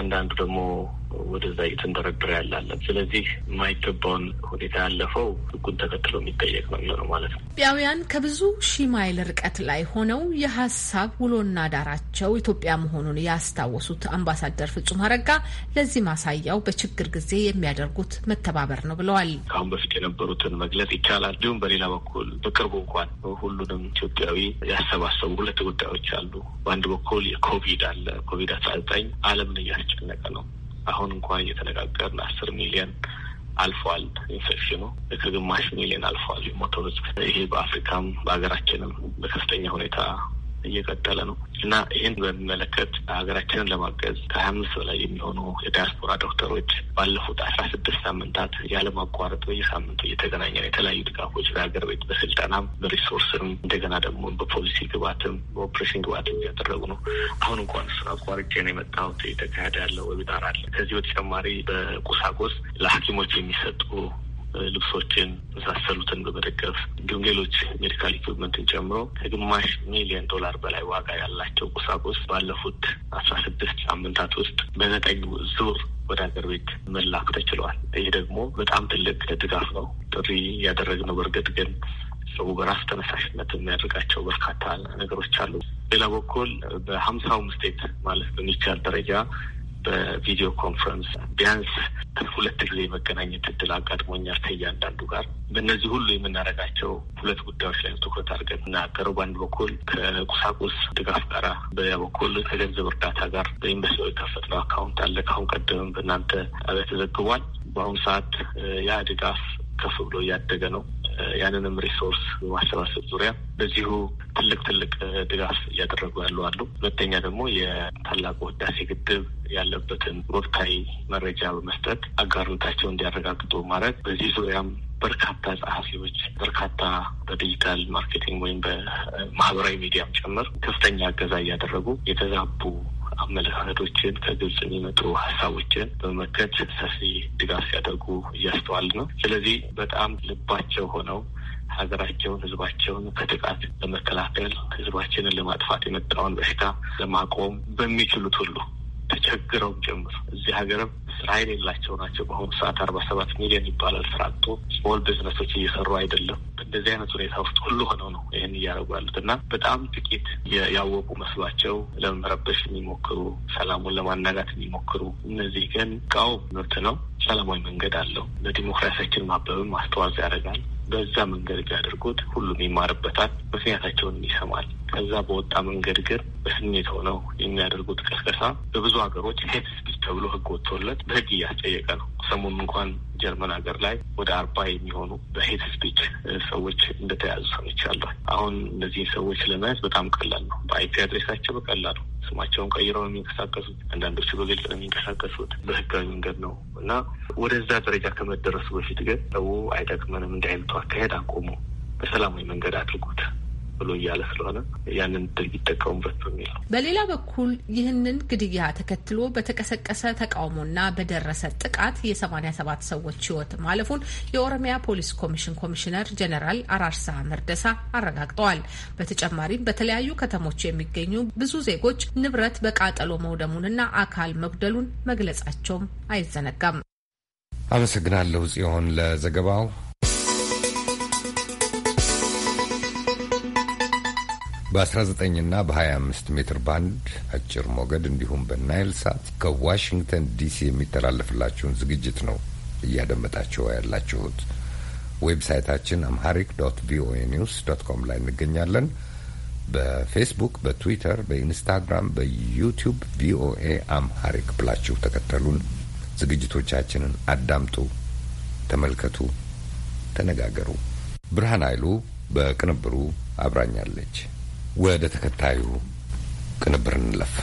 አንዳንዱ ደግሞ ወደዛ እየተንደረደረ ያላለን። ስለዚህ የማይገባውን ሁኔታ ያለፈው ህጉን ተከትሎ የሚጠየቅ ነው የሚሆነው ማለት ነው። ኢትዮጵያውያን ከብዙ ሺህ ማይል ርቀት ላይ ሆነው የሀሳብ ውሎና ዳራቸው ኢትዮጵያ መሆኑን ያስታወሱት አምባሳደር ፍጹም አረጋ ለዚህ ማሳያው በችግር ጊዜ የሚያደርጉት መተባበር ነው ብለዋል። ከአሁን በፊት የነበሩትን መግለጽ ይቻላል። እንዲሁም በሌላ በኩል በቅርቡ እንኳን ሁሉንም ኢትዮጵያዊ ያሰባሰቡ ሁለት ጉዳዮች አሉ። በአንድ በኩል የኮቪድ አለ። ኮቪድ አስራ ዘጠኝ ዓለምን እያስጨነቀ ነው። አሁን እንኳ እየተነጋገርን አስር ሚሊዮን አልፏል። ኢንፌክሽኑ ከግማሽ ሚሊዮን አልፏል የሞተው ህዝብ። ይሄ በአፍሪካም በሀገራችንም በከፍተኛ ሁኔታ እየቀጠለ ነው እና ይህን በሚመለከት ሀገራችንን ለማገዝ ከሀያ አምስት በላይ የሚሆኑ የዲያስፖራ ዶክተሮች ባለፉት አስራ ስድስት ሳምንታት ያለማቋረጥ በየሳምንቱ ነው። የተለያዩ ድጋፎች በሀገር ቤት በስልጠናም በሪሶርስም እንደገና ደግሞ በፖሊሲ ግባትም በኦፕሬሽን ግባትም እያደረጉ ነው። አሁን እንኳን እሱን አቋርጬ ነው የመጣሁት። የተካሄደ ያለው ወቢታር አለ። ከዚህ በተጨማሪ በቁሳቁስ ለሐኪሞች የሚሰጡ ልብሶችን መሳሰሉትን በመደገፍ እንዲሁም ሌሎች ሜዲካል ኢኩፕመንትን ጨምሮ ከግማሽ ሚሊዮን ዶላር በላይ ዋጋ ያላቸው ቁሳቁስ ባለፉት አስራ ስድስት ሳምንታት ውስጥ በዘጠኝ ዙር ወደ ሀገር ቤት መላክ ተችሏል። ይህ ደግሞ በጣም ትልቅ ድጋፍ ነው። ጥሪ ያደረግነው በእርግጥ ግን ሰው በራስ ተነሳሽነት የሚያደርጋቸው በርካታ ነገሮች አሉ። ሌላ በኩል በሀምሳውም ስቴት ማለት በሚቻል ደረጃ በቪዲዮ ኮንፈረንስ ቢያንስ ሁለት ጊዜ መገናኘት እድል አጋጥሞኛል ከእያንዳንዱ ጋር። በእነዚህ ሁሉ የምናደርጋቸው ሁለት ጉዳዮች ላይ ትኩረት አድርገን የምናገረው በአንድ በኩል ከቁሳቁስ ድጋፍ ጋር፣ በያ በኩል ከገንዘብ እርዳታ ጋር በኢንቨስቲው የከፈትነው አካውንት አለ። ከአሁን ቀደምም በእናንተ ጣቢያ ተዘግቧል። በአሁኑ ሰዓት ያ ድጋፍ ከፍ ብሎ እያደገ ነው። ያንንም ሪሶርስ በማሰባሰብ ዙሪያ በዚሁ ትልቅ ትልቅ ድጋፍ እያደረጉ ያሉ አሉ። ሁለተኛ ደግሞ የታላቁ ህዳሴ ግድብ ያለበትን ወቅታዊ መረጃ በመስጠት አጋርነታቸው እንዲያረጋግጡ ማድረግ በዚህ ዙሪያም በርካታ ጸሐፊዎች በርካታ በዲጂታል ማርኬቲንግ ወይም በማህበራዊ ሚዲያም ጭምር ከፍተኛ እገዛ እያደረጉ የተዛቡ አመለካከቶችን ከግብጽ የሚመጡ ሀሳቦችን በመመከት ሰፊ ድጋፍ ሲያደርጉ እያስተዋል ነው። ስለዚህ በጣም ልባቸው ሆነው ሀገራቸውን፣ ህዝባቸውን ከጥቃት ለመከላከል ህዝባችንን ለማጥፋት የመጣውን በሽታ ለማቆም በሚችሉት ሁሉ ተቸግረው ጭምር እዚህ ሀገርም ስራ የሌላቸው ናቸው። በአሁኑ ሰዓት አርባ ሰባት ሚሊዮን ይባላል ስራ አጥቶ ስሞል ቢዝነሶች እየሰሩ አይደለም። እንደዚህ አይነት ሁኔታ ውስጥ ሁሉ ሆነው ነው ይህን እያደረጉ ያሉት እና በጣም ጥቂት ያወቁ መስሏቸው ለመረበሽ የሚሞክሩ ሰላሙን ለማናጋት የሚሞክሩ እነዚህ ግን ቃው ምርት ነው። ሰላማዊ መንገድ አለው። ለዲሞክራሲያችን ማበብም አስተዋጽኦ ያደርጋል። በዛ መንገድ ቢያደርጉት ሁሉም ይማርበታል፣ ምክንያታቸውን ይሰማል። ከዛ በወጣ መንገድ ግን በስሜት ሆነው የሚያደርጉት ቀስቀሳ በብዙ ሀገሮች ሄት ስፒች ተብሎ ህግ ወጥቶለት በህግ እያስጠየቀ ነው። ሰሞኑን እንኳን ጀርመን ሀገር ላይ ወደ አርባ የሚሆኑ በሄት ስፒች ሰዎች እንደተያዙ ሰምቻለሁ። አሁን እነዚህ ሰዎች ለመያዝ በጣም ቀላል ነው። በአይፒ አድሬሳቸው በቀላሉ ስማቸውን ቀይረው ነው የሚንቀሳቀሱት። አንዳንዶቹ በግልጽ ነው የሚንቀሳቀሱት በህጋዊ መንገድ ነው እና ወደዛ ደረጃ ከመደረሱ በፊት ግን ሰው አይጠቅመንም እንዳይነቱ አካሄድ አቆሙ። በሰላማዊ መንገድ አድርጉት። ብሎ እያለ ስለሆነ ያንን ድል ይጠቀሙበት በሚል ነው። በሌላ በኩል ይህንን ግድያ ተከትሎ በተቀሰቀሰ ተቃውሞና በደረሰ ጥቃት የሰማኒያ ሰባት ሰዎች ህይወት ማለፉን የኦሮሚያ ፖሊስ ኮሚሽን ኮሚሽነር ጀኔራል አራርሳ መርደሳ አረጋግጠዋል። በተጨማሪም በተለያዩ ከተሞች የሚገኙ ብዙ ዜጎች ንብረት በቃጠሎ መውደሙንና አካል መጉደሉን መግለጻቸውም አይዘነጋም። አመሰግናለሁ ጽዮን ለዘገባው። በ19 እና በ25 ሜትር ባንድ አጭር ሞገድ እንዲሁም በናይል ሳት ከዋሽንግተን ዲሲ የሚተላለፍላችሁን ዝግጅት ነው እያደመጣችሁ ያላችሁት። ዌብሳይታችን አምሃሪክ ዶት ቪኦኤ ኒውስ ዶት ኮም ላይ እንገኛለን። በፌስቡክ፣ በትዊተር፣ በኢንስታግራም፣ በዩቲዩብ ቪኦኤ አምሃሪክ ብላችሁ ተከተሉን። ዝግጅቶቻችንን አዳምጡ፣ ተመልከቱ፣ ተነጋገሩ። ብርሃን ኃይሉ በቅንብሩ አብራኛለች። ወደ ተከታዩ ቅንብር እንለፍ።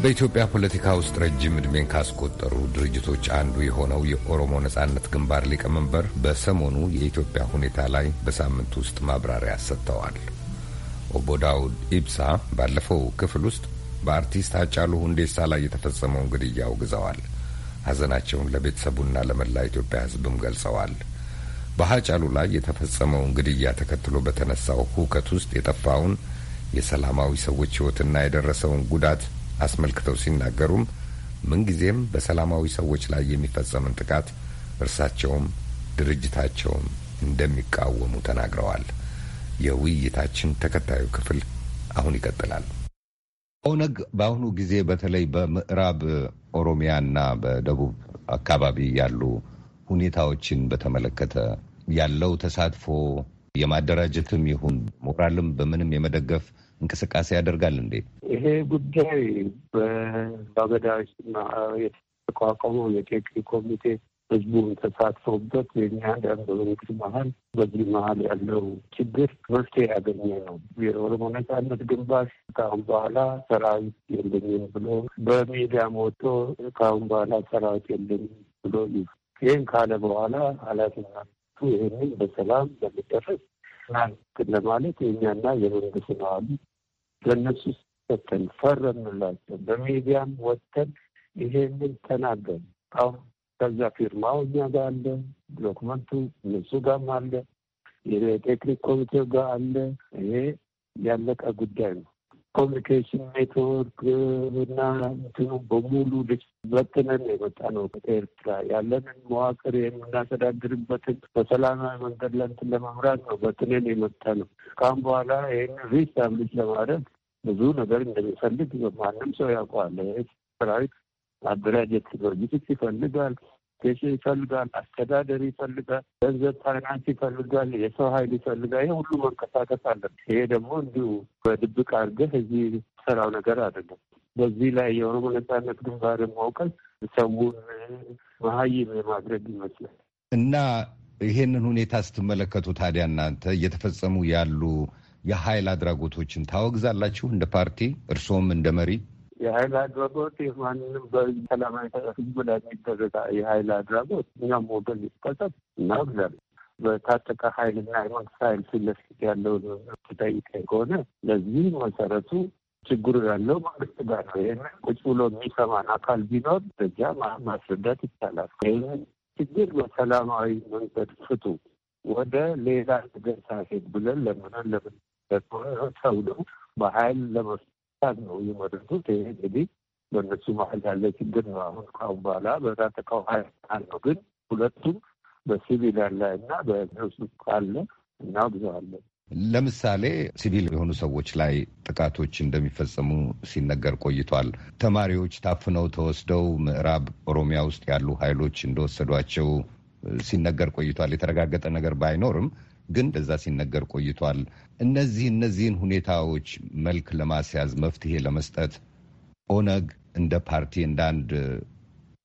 በኢትዮጵያ ፖለቲካ ውስጥ ረጅም ዕድሜን ካስቆጠሩ ድርጅቶች አንዱ የሆነው የኦሮሞ ነጻነት ግንባር ሊቀመንበር በሰሞኑ የኢትዮጵያ ሁኔታ ላይ በሳምንት ውስጥ ማብራሪያ ሰጥተዋል። ኦቦ ዳውድ ኢብሳ ባለፈው ክፍል ውስጥ በአርቲስት አጫሉ ሁንዴሳ ላይ የተፈጸመውን ግድያ አውግዘዋል። ሐዘናቸውን ለቤተሰቡና ለመላ ኢትዮጵያ ሕዝብም ገልጸዋል። በሀጫሉ ላይ የተፈጸመውን ግድያ ተከትሎ በተነሳው ሁከት ውስጥ የጠፋውን የሰላማዊ ሰዎች ሕይወትና የደረሰውን ጉዳት አስመልክተው ሲናገሩም ምንጊዜም በሰላማዊ ሰዎች ላይ የሚፈጸምን ጥቃት እርሳቸውም ድርጅታቸውም እንደሚቃወሙ ተናግረዋል። የውይይታችን ተከታዩ ክፍል አሁን ይቀጥላል። ኦነግ በአሁኑ ጊዜ በተለይ በምዕራብ ኦሮሚያ እና በደቡብ አካባቢ ያሉ ሁኔታዎችን በተመለከተ ያለው ተሳትፎ የማደራጀትም ይሁን ሞራልም በምንም የመደገፍ እንቅስቃሴ ያደርጋል እንዴ? ይሄ ጉዳይ በአገዳዎች የተቋቋመው የቴክኒክ ኮሚቴ ህዝቡም ተሳትፎበት ሀገር በመንግስት መሀል በዚህ መሀል ያለው ችግር መፍትሄ ያገኘ ነው። የኦሮሞ ነጻነት ግንባር ከአሁን በኋላ ሰራዊት የለኝም ብሎ በሚዲያም ወጥቶ ከአሁን በኋላ ሰራዊት የለኝም ብሎ ይህን ካለ በኋላ ኃላፊነቱ ይህንን በሰላም በሚደረስ ናንት ለማለት የእኛና የመንግስት ነዋሉ ለእነሱ ሰተን ፈረምላቸው። በሚዲያም ወጥተን ይሄንን ተናገር አሁን ከዛ ፊርማው እኛ ጋር አለ፣ ዶክመንቱ እነሱ ጋም አለ፣ የቴክኒክ ኮሚቴው ጋር አለ። ይሄ ያለቀ ጉዳይ ነው። ኮሚኒኬሽን ኔትወርክ እና እንትኑ በሙሉ ልጅ በትነን የመጣ ነው ከኤርትራ ያለንን መዋቅር የምናስተዳድርበትን በሰላማዊ መንገድ ለእንትን ለመምራት ነው በትነን የመጣ ነው። ካሁን በኋላ ይህን ሪስታብሊሽ ለማድረግ ብዙ ነገር እንደሚፈልግ ማንም ሰው ያውቀዋል። ሰራዊት ማደራጀት ሎጂስቲክስ ይፈልጋል፣ ቴሽን ይፈልጋል፣ አስተዳደር ይፈልጋል፣ ገንዘብ ፋይናንስ ይፈልጋል፣ የሰው ኃይል ይፈልጋል። ይህ ሁሉ መንቀሳቀስ አለን። ይሄ ደግሞ እንዲሁ በድብቅ አድርገህ እዚህ ሰራው ነገር አይደለም። በዚህ ላይ የኦሮሞ ነጻነት ግንባር ማውቀል ሰውን መሀይም የማድረግ ይመስላል እና ይሄንን ሁኔታ ስትመለከቱ ታዲያ እናንተ እየተፈጸሙ ያሉ የኃይል አድራጎቶችን ታወግዛላችሁ እንደ ፓርቲ እርስዎም እንደ መሪ? የሀይል አድራጎት የማንም በሰላማዊ ተቀስቡ ላይ የሚደረግ የሀይል አድራጎት እኛም ወገን ይፈጠት እና እግዚአብሔር በታጠቀ ሀይልና የመንግስት ሀይል ፊት ለፊት ያለውን ትጠይቀ ከሆነ ለዚህ መሰረቱ ችግሩ ያለው መንግስት ጋር ነው። ይህን ቁጭ ብሎ የሚሰማን አካል ቢኖር በዚያ ማስረዳት ይቻላል። ይህን ችግር በሰላማዊ መንገድ ፍቱ፣ ወደ ሌላ ነገር ሳሄድ ብለን ለምን ለምን ሰው ነው በሀይል ለመፍት ነው የመረጡት። ይሄ እንግዲህ በእነሱ መሀል ያለ ችግር ነው። አሁን ካሁን በኋላ በዛ ተቃውሞ ነው። ግን ሁለቱም በሲቪል ያለ እና በነሱ ካለ እና ብዙ አለ። ለምሳሌ ሲቪል የሆኑ ሰዎች ላይ ጥቃቶች እንደሚፈጸሙ ሲነገር ቆይቷል። ተማሪዎች ታፍነው ተወስደው ምዕራብ ኦሮሚያ ውስጥ ያሉ ኃይሎች እንደወሰዷቸው ሲነገር ቆይቷል። የተረጋገጠ ነገር ባይኖርም ግን ለዛ ሲነገር ቆይቷል። እነዚህ እነዚህን ሁኔታዎች መልክ ለማስያዝ መፍትሄ ለመስጠት ኦነግ እንደ ፓርቲ እንደ አንድ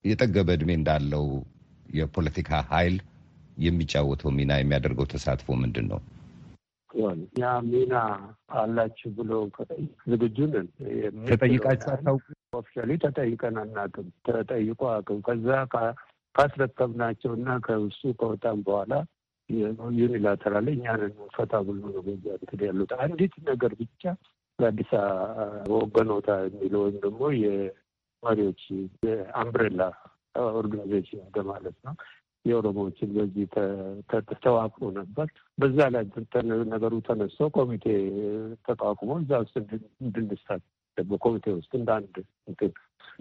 የጠገበ እድሜ እንዳለው የፖለቲካ ኃይል የሚጫወተው ሚና የሚያደርገው ተሳትፎ ምንድን ነው? ያ ሚና አላችሁ ብሎ ዝግጁ ነን። ተጠይቃችሁ አታውቁ? ኦፊሻሊ ተጠይቀን አናውቅም። ተጠይቆ አቅም ከዛ ካስረከብናቸው እና ከውሱ ከወጣም በኋላ ዩኒላተራል እኛ ፈታ ብሎ ነው በዛ ትል ያሉት አንዲት ነገር ብቻ በአዲስ ወገኖታ የሚለው ወይም ደግሞ የተማሪዎች አምብሬላ ኦርጋናይዜሽን እንደማለት ነው። የኦሮሞዎችን በዚህ ተዋቅሮ ነበር። በዛ ላይ ነገሩ ተነስቶ ኮሚቴ ተቋቁሞ እዛ ውስጥ እንድንሳተፍ በኮሚቴ ውስጥ እንደ አንድ እንትን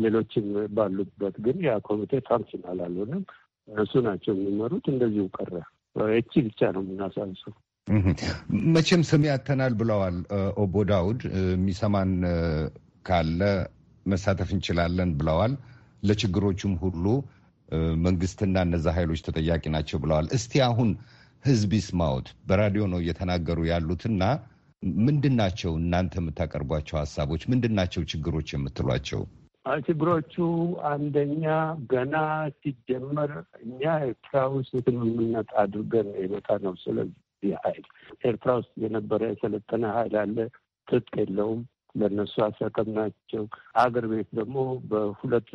ሌሎችም ባሉበት ግን ያ ኮሚቴ ፋንክሽናል አልሆነም። እነሱ ናቸው የሚመሩት። እንደዚሁ ቀረ። እቺ ብቻ ነው የምናሳንሰው። መቼም ስም ያተናል ብለዋል ኦቦ ዳውድ። የሚሰማን ካለ መሳተፍ እንችላለን ብለዋል። ለችግሮቹም ሁሉ መንግስትና እነዛ ኃይሎች ተጠያቂ ናቸው ብለዋል። እስቲ አሁን ህዝብ ይስማዎት። በራዲዮ ነው እየተናገሩ ያሉትና ምንድን ናቸው እናንተ የምታቀርቧቸው ሀሳቦች ምንድን ናቸው? ችግሮች የምትሏቸው ችግሮቹ አንደኛ ገና ሲጀመር እኛ ኤርትራ ውስጥ ስምምነት አድርገን የመጣ ነው። ስለዚህ ሀይል ኤርትራ ውስጥ የነበረ የሰለጠነ ሀይል አለ፣ ትጥቅ የለውም። ለእነሱ አሰከም ናቸው። አገር ቤት ደግሞ በሁለት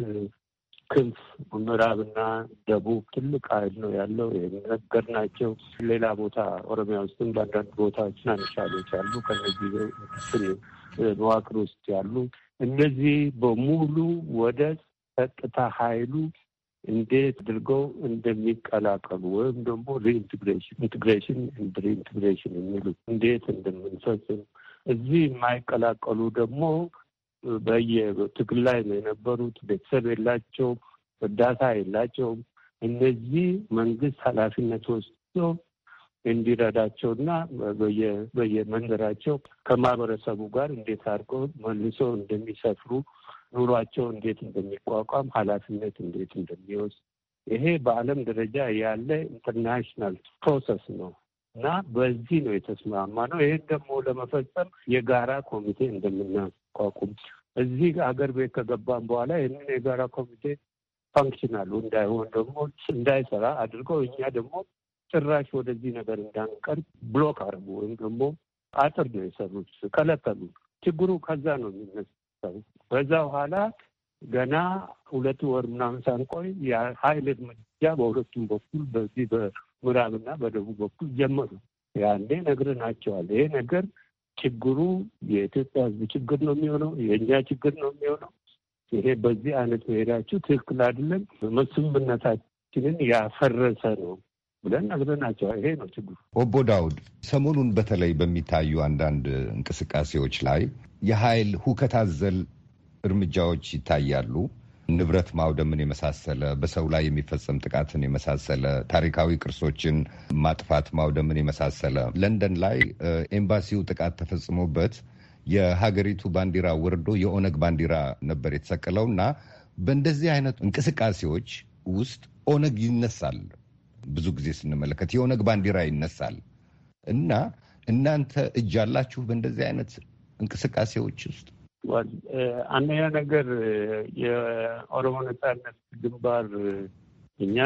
ክንፍ ምዕራብና ደቡብ ትልቅ ኃይል ነው ያለው። ነገር ናቸው ሌላ ቦታ ኦሮሚያ ውስጥም በአንዳንድ ቦታዎች ትናንሽ ኃይሎች አሉ። ከነዚህ መዋቅር ውስጥ ያሉ እነዚህ በሙሉ ወደ ጸጥታ ኃይሉ እንዴት አድርገው እንደሚቀላቀሉ ወይም ደግሞ ሪኢንትግሬሽን ኢንትግሬሽን ሪኢንትግሬሽን የሚሉት እንዴት እንደምንፈጽም እዚህ የማይቀላቀሉ ደግሞ በየትግል ላይ ነው የነበሩት። ቤተሰብ የላቸውም፣ እርዳታ የላቸውም። እነዚህ መንግስት ኃላፊነት ወስዶ እንዲረዳቸውና በየመንደራቸው ከማህበረሰቡ ጋር እንዴት አድርገው መልሶ እንደሚሰፍሩ ኑሯቸው እንዴት እንደሚቋቋም ኃላፊነት እንዴት እንደሚወስድ ይሄ በዓለም ደረጃ ያለ ኢንተርናሽናል ፕሮሰስ ነው እና በዚህ ነው የተስማማ ነው። ይህን ደግሞ ለመፈጸም የጋራ ኮሚቴ እንደምና አቋቁም። እዚህ አገር ቤት ከገባን በኋላ ይህንን የጋራ ኮሚቴ ፋንክሽናሉ እንዳይሆን ደግሞ እንዳይሰራ አድርገው እኛ ደግሞ ጭራሽ ወደዚህ ነገር እንዳንቀር ብሎክ አርጉ ወይም ደግሞ አጥር ነው የሰሩት፣ ከለከሉ። ችግሩ ከዛ ነው የሚነሳው። በዛ በኋላ ገና ሁለት ወር ምናምን ሳንቆይ የኃይል እርምጃ በሁለቱም በኩል በዚህ በምዕራብና በደቡብ በኩል ጀመሩ። ያኔ ነግረናቸዋል። ይሄ ነገር ችግሩ የኢትዮጵያ ሕዝብ ችግር ነው የሚሆነው፣ የእኛ ችግር ነው የሚሆነው። ይሄ በዚህ አይነት መሄዳችሁ ትክክል አይደለም፣ ስምምነታችንን ያፈረሰ ነው ብለን ነግረናቸው ይሄ ነው ችግሩ። ኦቦ ዳውድ፣ ሰሞኑን በተለይ በሚታዩ አንዳንድ እንቅስቃሴዎች ላይ የኃይል ሁከት አዘል እርምጃዎች ይታያሉ። ንብረት ማውደምን የመሳሰለ በሰው ላይ የሚፈጸም ጥቃትን የመሳሰለ ታሪካዊ ቅርሶችን ማጥፋት ማውደምን የመሳሰለ ለንደን ላይ ኤምባሲው ጥቃት ተፈጽሞበት የሀገሪቱ ባንዲራ ወርዶ የኦነግ ባንዲራ ነበር የተሰቀለው እና በእንደዚህ አይነት እንቅስቃሴዎች ውስጥ ኦነግ ይነሳል። ብዙ ጊዜ ስንመለከት የኦነግ ባንዲራ ይነሳል እና እናንተ እጅ አላችሁ በእንደዚህ አይነት እንቅስቃሴዎች ውስጥ? አንደኛ ነገር የኦሮሞ ነጻነት ግንባር እኛ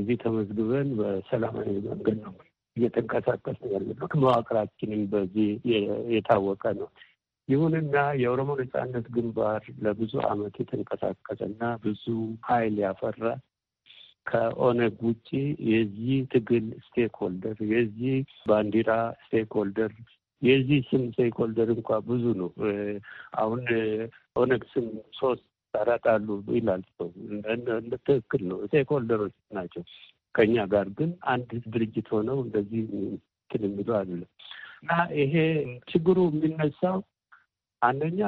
እዚህ ተመዝግበን በሰላማዊ መንገድ ነው እየተንቀሳቀስ ያለበት መዋቅራችንም በዚህ የታወቀ ነው። ይሁንና የኦሮሞ ነጻነት ግንባር ለብዙ ዓመት የተንቀሳቀሰና ብዙ ኃይል ያፈራ ከኦነግ ውጭ የዚህ ትግል ስቴክ ሆልደር የዚህ ባንዲራ ስቴክ ሆልደር የዚህ ስም ስቴክሆልደር እንኳ ብዙ ነው። አሁን ኦነግ ስም ሶስት አራት አሉ ይላል ሰው። ትክክል ነው፣ ስቴክሆልደሮች ናቸው። ከኛ ጋር ግን አንድ ድርጅት ሆነው እንደዚህ ትል የሚሉ አለ እና ይሄ ችግሩ የሚነሳው አንደኛ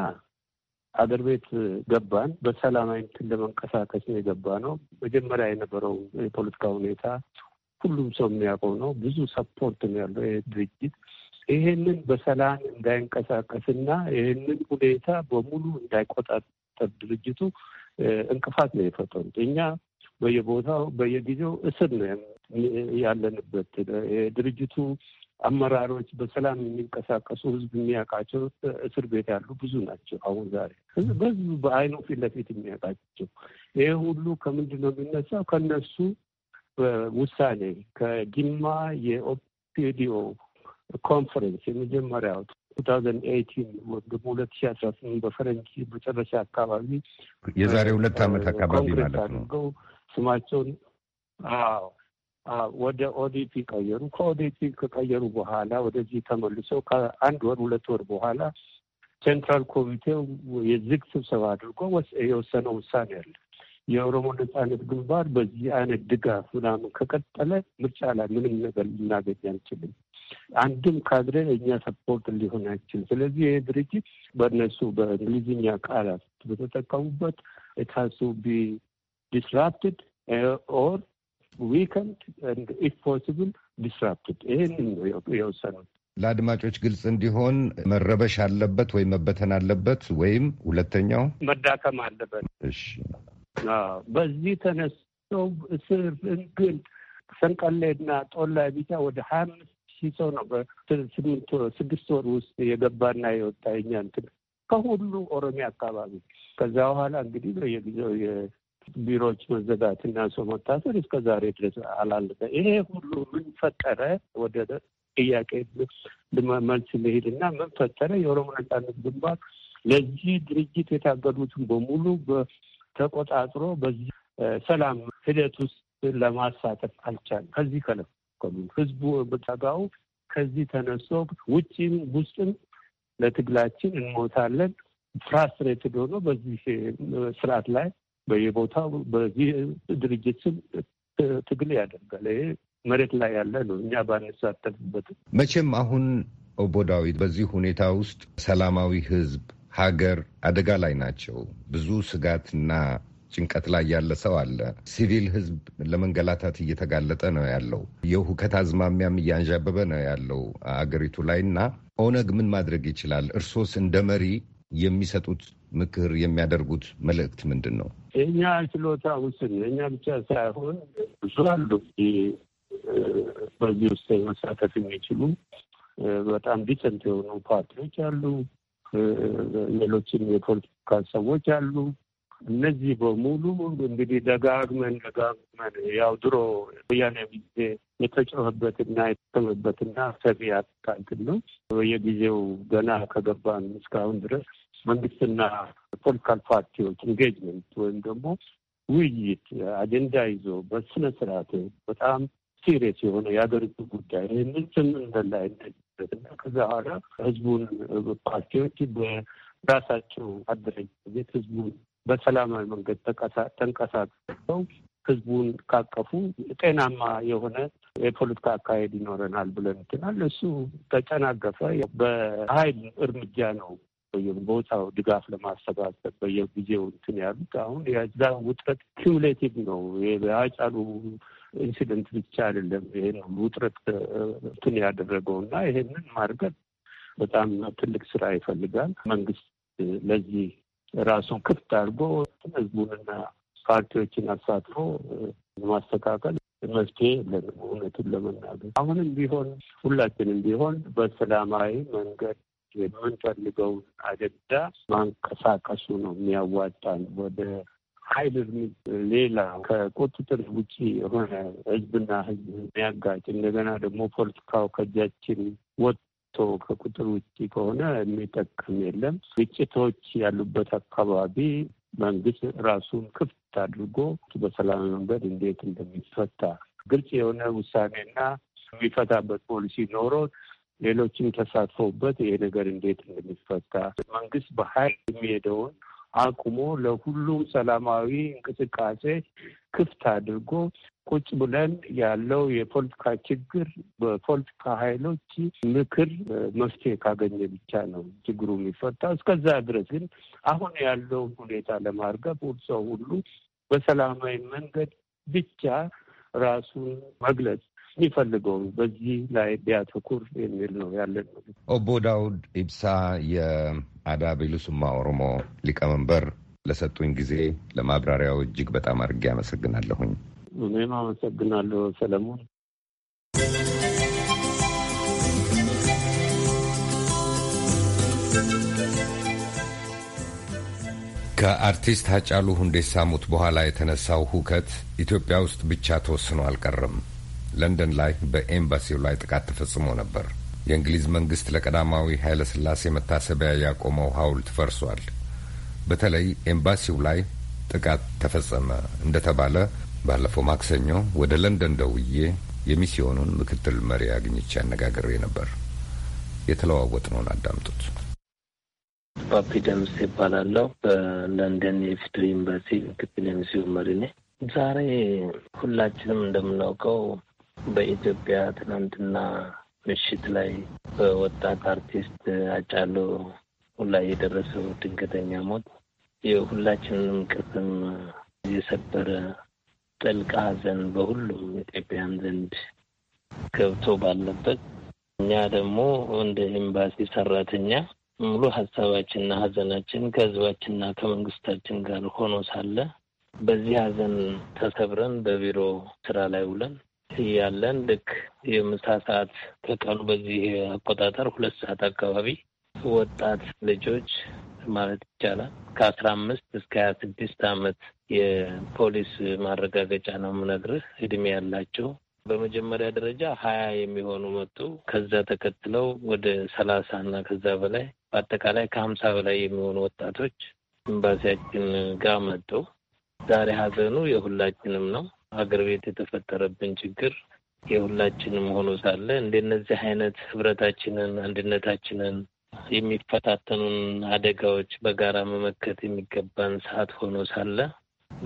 አገር ቤት ገባን፣ በሰላም አይነት ለመንቀሳቀስ ነው የገባ ነው። መጀመሪያ የነበረው የፖለቲካ ሁኔታ ሁሉም ሰው የሚያውቀው ነው። ብዙ ሰፖርት ነው ያለው ድርጅት ይህንን በሰላም እንዳይንቀሳቀስና ይህንን ሁኔታ በሙሉ እንዳይቆጣጠር ድርጅቱ እንቅፋት ነው የፈጠሩት። እኛ በየቦታው በየጊዜው እስር ነው ያለንበት። የድርጅቱ አመራሮች በሰላም የሚንቀሳቀሱ ህዝብ የሚያውቃቸው እስር ቤት ያሉ ብዙ ናቸው። አሁን ዛሬ በህዝብ በአይኑ ፊት ለፊት የሚያውቃቸው ይሄ ሁሉ ከምንድን ነው የሚነሳው? ከነሱ ውሳኔ ከጅማ የኦፒዲኦ ኮንፈረንስ የመጀመሪያው ቱ ታውዘንድ ሁለት ሺ አስራ ስምንት በፈረንጅ መጨረሻ አካባቢ የዛሬ ሁለት ዓመት አካባቢ ማለት ነው። ስማቸውን ወደ ኦዲፒ ቀየሩ። ከኦዲፒ ከቀየሩ በኋላ ወደዚህ ተመልሶ ከአንድ ወር ሁለት ወር በኋላ ሴንትራል ኮሚቴው የዝግ ስብሰባ አድርጎ የወሰነ ውሳኔ አለ። የኦሮሞ ነጻነት ግንባር በዚህ አይነት ድጋፍ ምናምን ከቀጠለ ምርጫ ላይ ምንም ነገር ልናገኝ አንችልም አንድም ካድሬ እኛ ሰፖርት ሊሆን አይችልም። ስለዚህ ይሄ ድርጅት በእነሱ በእንግሊዝኛ ቃላት በተጠቀሙበት ኢት ቢ ዲስራፕትድ ኦር ዊከንድ ኤንድ ኢፍ ፖስብል ዲስራፕትድ። ይህንን ነው የወሰነው። ለአድማጮች ግልጽ እንዲሆን መረበሽ አለበት ወይም መበተን አለበት ወይም ሁለተኛው መዳከም አለበት። እሺ፣ በዚህ ተነስተው እስር እንግል ሰንቀሌና ጦላይ ብቻ ወደ ሀያ አምስት ሲሰው ነው በስምንት ስድስት ወር ውስጥ የገባና የወጣ የኛ እንትን ከሁሉ ኦሮሚያ አካባቢ። ከዛ በኋላ እንግዲህ በየጊዜው የቢሮዎች መዘጋት እና ሰው መታሰር እስከ ዛሬ ድረስ አላለቀ። ይሄ ሁሉ ምን ፈጠረ? ወደ ጥያቄ መልስ መሄድ እና ምን ፈጠረ? የኦሮሞ ነጻነት ግንባር ለዚህ ድርጅት የታገዱትን በሙሉ ተቆጣጥሮ በዚህ ሰላም ሂደት ውስጥ ለማሳተፍ አልቻለም። ከዚህ ከለም ህዝቡ ብጠጋው ከዚህ ተነሶ ውጭም ውስጥም ለትግላችን እንሞታለን። ፍራስትሬትድ ሆኖ በዚህ ስርዓት ላይ በየቦታው በዚህ ድርጅት ስም ትግል ያደርጋል። ይሄ መሬት ላይ ያለ ነው። እኛ ባንሳተፍበት መቼም አሁን ኦቦ ዳዊት፣ በዚህ ሁኔታ ውስጥ ሰላማዊ ህዝብ፣ ሀገር አደጋ ላይ ናቸው። ብዙ ስጋትና ጭንቀት ላይ ያለ ሰው አለ። ሲቪል ህዝብ ለመንገላታት እየተጋለጠ ነው ያለው። የሁከት አዝማሚያም እያንዣበበ ነው ያለው አገሪቱ ላይ እና ኦነግ ምን ማድረግ ይችላል? እርሶስ እንደ መሪ የሚሰጡት ምክር የሚያደርጉት መልእክት ምንድን ነው? የእኛ ችሎታ ውስን የእኛ ብቻ ሳይሆን ብዙ አሉ በዚህ ውስጥ መሳተፍ የሚችሉ በጣም ዲሰንት የሆኑ ፓርቲዎች አሉ። ሌሎችም የፖለቲካ ሰዎች አሉ። እነዚህ በሙሉ እንግዲህ ደጋግመን ደጋግመን ያው ድሮ ወያኔ ጊዜ የተጮህበትና የተሰምበትና ሰፊ አታልትን ነው። በየጊዜው ገና ከገባን እስካሁን ድረስ መንግስትና ፖለቲካል ፓርቲዎች ኢንጌጅመንት ወይም ደግሞ ውይይት አጀንዳ ይዞ በስነ ስርዓት በጣም ሲሪየስ የሆነ የሀገሪቱ ጉዳይ ይህንን ስምምነት ላይ እና ከዛ በኋላ ህዝቡን ፓርቲዎች በራሳቸው አደረጃጀት ህዝቡን በሰላማዊ መንገድ ተንቀሳቅሰው ህዝቡን ካቀፉ ጤናማ የሆነ የፖለቲካ አካሄድ ይኖረናል ብለን እንትናል። እሱ ተጨናገፈ። በሀይል እርምጃ ነው በየቦታው ድጋፍ ለማሰባሰብ በየጊዜው እንትን ያሉት። አሁን የዛ ውጥረት ኪሙሌቲቭ ነው። የአጫሉ ኢንሲደንት ብቻ አይደለም። ይሄን ውጥረት እንትን ያደረገው እና ይሄንን ማርገብ በጣም ትልቅ ስራ ይፈልጋል መንግስት ለዚህ ራሱን ክፍት አድርጎ ህዝቡንና ፓርቲዎችን አሳትፎ ለማስተካከል መፍትሄ የለንም። እውነቱን ለመናገር አሁንም ቢሆን ሁላችንም ቢሆን በሰላማዊ መንገድ የምንፈልገውን አጀንዳ ማንቀሳቀሱ ነው የሚያዋጣን። ወደ ኃይል እርምጃ ሌላ ከቁጥጥር ውጭ የሆነ ህዝብና ህዝብ የሚያጋጭ እንደገና ደግሞ ፖለቲካው ከእጃችን ወጥ ከቁጥር ውጭ ከሆነ የሚጠቅም የለም። ግጭቶች ያሉበት አካባቢ መንግስት ራሱን ክፍት አድርጎ በሰላማዊ መንገድ እንዴት እንደሚፈታ ግልጽ የሆነ ውሳኔና የሚፈታበት ፖሊሲ ኖሮ ሌሎችም ተሳትፈውበት ይሄ ነገር እንዴት እንደሚፈታ መንግስት በኃይል የሚሄደውን አቁሞ ለሁሉም ሰላማዊ እንቅስቃሴ ክፍት አድርጎ ቁጭ ብለን ያለው የፖለቲካ ችግር በፖለቲካ ኃይሎች ምክር መፍትሄ ካገኘ ብቻ ነው ችግሩ የሚፈታው። እስከዛ ድረስ ግን አሁን ያለውን ሁኔታ ለማርገብ ሰው ሁሉ በሰላማዊ መንገድ ብቻ ራሱን መግለጽ የሚፈልገው በዚህ ላይ ቢያተኩር የሚል ነው ያለን። ኦቦ ዳውድ ኢብሳ የአዳ ቢሊሱማ ኦሮሞ ሊቀመንበር፣ ለሰጡኝ ጊዜ ለማብራሪያው እጅግ በጣም አድርጌ አመሰግናለሁኝ። እኔም አመሰግናለሁ ሰለሞን። ከአርቲስት ሀጫሉ ሁንዴሳ ሞት በኋላ የተነሳው ሁከት ኢትዮጵያ ውስጥ ብቻ ተወስኖ አልቀረም። ለንደን ላይ በኤምባሲው ላይ ጥቃት ተፈጽሞ ነበር። የእንግሊዝ መንግስት ለቀዳማዊ ኃይለ ሥላሴ መታሰቢያ ያቆመው ሐውልት ፈርሷል። በተለይ ኤምባሲው ላይ ጥቃት ተፈጸመ እንደተባለ ባለፈው ማክሰኞ ወደ ለንደን ደውዬ የሚስዮኑን ምክትል መሪ አግኝቼ አነጋግሬ ነበር። የተለዋወጥነውን አዳምጡት። ፓፒ ደምስ ይባላለሁ። በለንደን የፊቱ ኤምባሲ ምክትል የሚስዮን መሪ ነኝ። ዛሬ ሁላችንም እንደምናውቀው በኢትዮጵያ ትናንትና ምሽት ላይ በወጣት አርቲስት አጫሉ ላይ የደረሰው ድንገተኛ ሞት የሁላችንንም ቅስም የሰበረ ጥልቅ ሐዘን በሁሉም ኢትዮጵያን ዘንድ ገብቶ ባለበት እኛ ደግሞ እንደ ኤምባሲ ሰራተኛ ሙሉ ሀሳባችንና ሀዘናችን ከህዝባችንና ከመንግስታችን ጋር ሆኖ ሳለ በዚህ ሀዘን ተሰብረን በቢሮ ስራ ላይ ውለን ያለን ልክ የምሳ ሰዓት ከቀኑ በዚህ አቆጣጠር ሁለት ሰዓት አካባቢ ወጣት ልጆች ማለት ይቻላል ከአስራ አምስት እስከ ሀያ ስድስት አመት የፖሊስ ማረጋገጫ ነው የምነግርህ እድሜ ያላቸው በመጀመሪያ ደረጃ ሀያ የሚሆኑ መጡ። ከዛ ተከትለው ወደ ሰላሳ እና ከዛ በላይ በአጠቃላይ ከሀምሳ በላይ የሚሆኑ ወጣቶች ኤምባሲያችን ጋር መጡ። ዛሬ ሀዘኑ የሁላችንም ነው። ሀገር ቤት የተፈጠረብን ችግር የሁላችንም ሆኖ ሳለ እንደነዚህ አይነት ህብረታችንን፣ አንድነታችንን የሚፈታተኑን አደጋዎች በጋራ መመከት የሚገባን ሰዓት ሆኖ ሳለ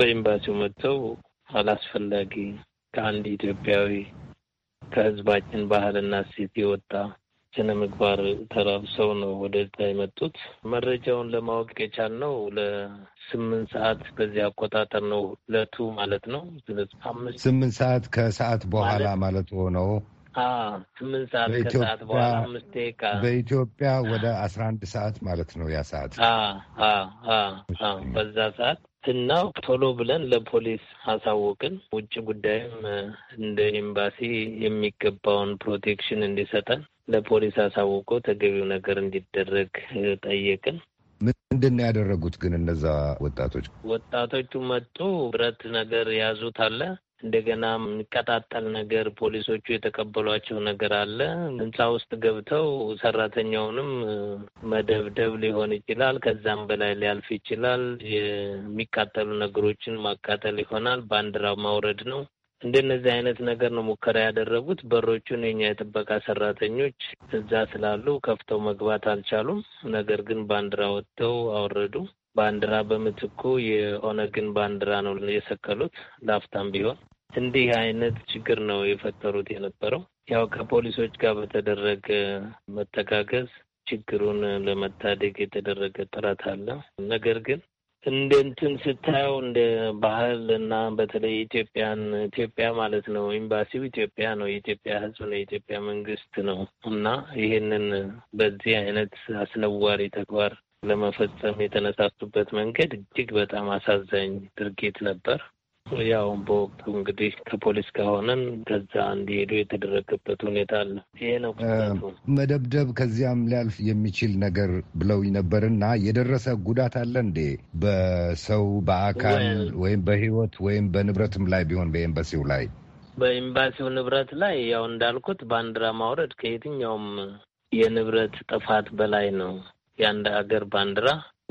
በኤምባሲው መጥተው አላስፈላጊ ከአንድ ኢትዮጵያዊ ከህዝባችን ባህልና እሴት የወጣ ስነ ምግባር ተራብሰው ነው ወደዛ የመጡት። መረጃውን ለማወቅ የቻልነው ለስምንት ሰዓት በዚህ አቆጣጠር ነው፣ ለቱ ማለት ነው። ስምንት ሰዓት ከሰዓት በኋላ ማለት ሆነው ስምንት ሰዓት ከሰዓት በኋላ በኢትዮጵያ ወደ አስራ አንድ ሰዓት ማለት ነው። ያ ሰዓት በዛ ሰዓት እና ቶሎ ብለን ለፖሊስ አሳወቅን። ውጭ ጉዳይም እንደ ኤምባሲ የሚገባውን ፕሮቴክሽን እንዲሰጠን ለፖሊስ አሳውቆ ተገቢው ነገር እንዲደረግ ጠየቅን። ምንድን ነው ያደረጉት ግን እነዛ ወጣቶች? ወጣቶቹ መጡ። ብረት ነገር ያዙት አለ እንደገና የሚቀጣጠል ነገር ፖሊሶቹ የተቀበሏቸው ነገር አለ። ህንፃ ውስጥ ገብተው ሰራተኛውንም መደብደብ ሊሆን ይችላል። ከዛም በላይ ሊያልፍ ይችላል። የሚቃጠሉ ነገሮችን ማቃጠል ይሆናል። ባንዲራ ማውረድ ነው። እንደነዚህ አይነት ነገር ነው ሙከራ ያደረጉት። በሮቹን የኛ የጥበቃ ሰራተኞች እዛ ስላሉ ከፍተው መግባት አልቻሉም። ነገር ግን ባንዲራ ወጥተው አወረዱ። ባንዲራ በምትኩ የኦነግን ባንዲራ ነው የሰቀሉት። ላፍታም ቢሆን እንዲህ አይነት ችግር ነው የፈጠሩት የነበረው። ያው ከፖሊሶች ጋር በተደረገ መተጋገዝ ችግሩን ለመታደግ የተደረገ ጥረት አለ። ነገር ግን እንደ እንትን ስታየው እንደ ባህል እና በተለይ ኢትዮጵያን ኢትዮጵያ ማለት ነው ኤምባሲው ኢትዮጵያ ነው፣ የኢትዮጵያ ሕዝብ ነው፣ የኢትዮጵያ መንግስት ነው እና ይህንን በዚህ አይነት አስነዋሪ ተግባር ለመፈጸም የተነሳሱበት መንገድ እጅግ በጣም አሳዛኝ ድርጊት ነበር። ያው በወቅቱ እንግዲህ ከፖሊስ ከሆነን ከዛ እንዲሄዱ የተደረገበት ሁኔታ አለ። ይሄ ነው መደብደብ፣ ከዚያም ሊያልፍ የሚችል ነገር ብለው ነበርና የደረሰ ጉዳት አለ እንዴ? በሰው በአካል ወይም በህይወት ወይም በንብረትም ላይ ቢሆን በኤምባሲው ላይ በኤምባሲው ንብረት ላይ ያው እንዳልኩት ባንዲራ ማውረድ ከየትኛውም የንብረት ጥፋት በላይ ነው። የአንድ ሀገር ባንዲራ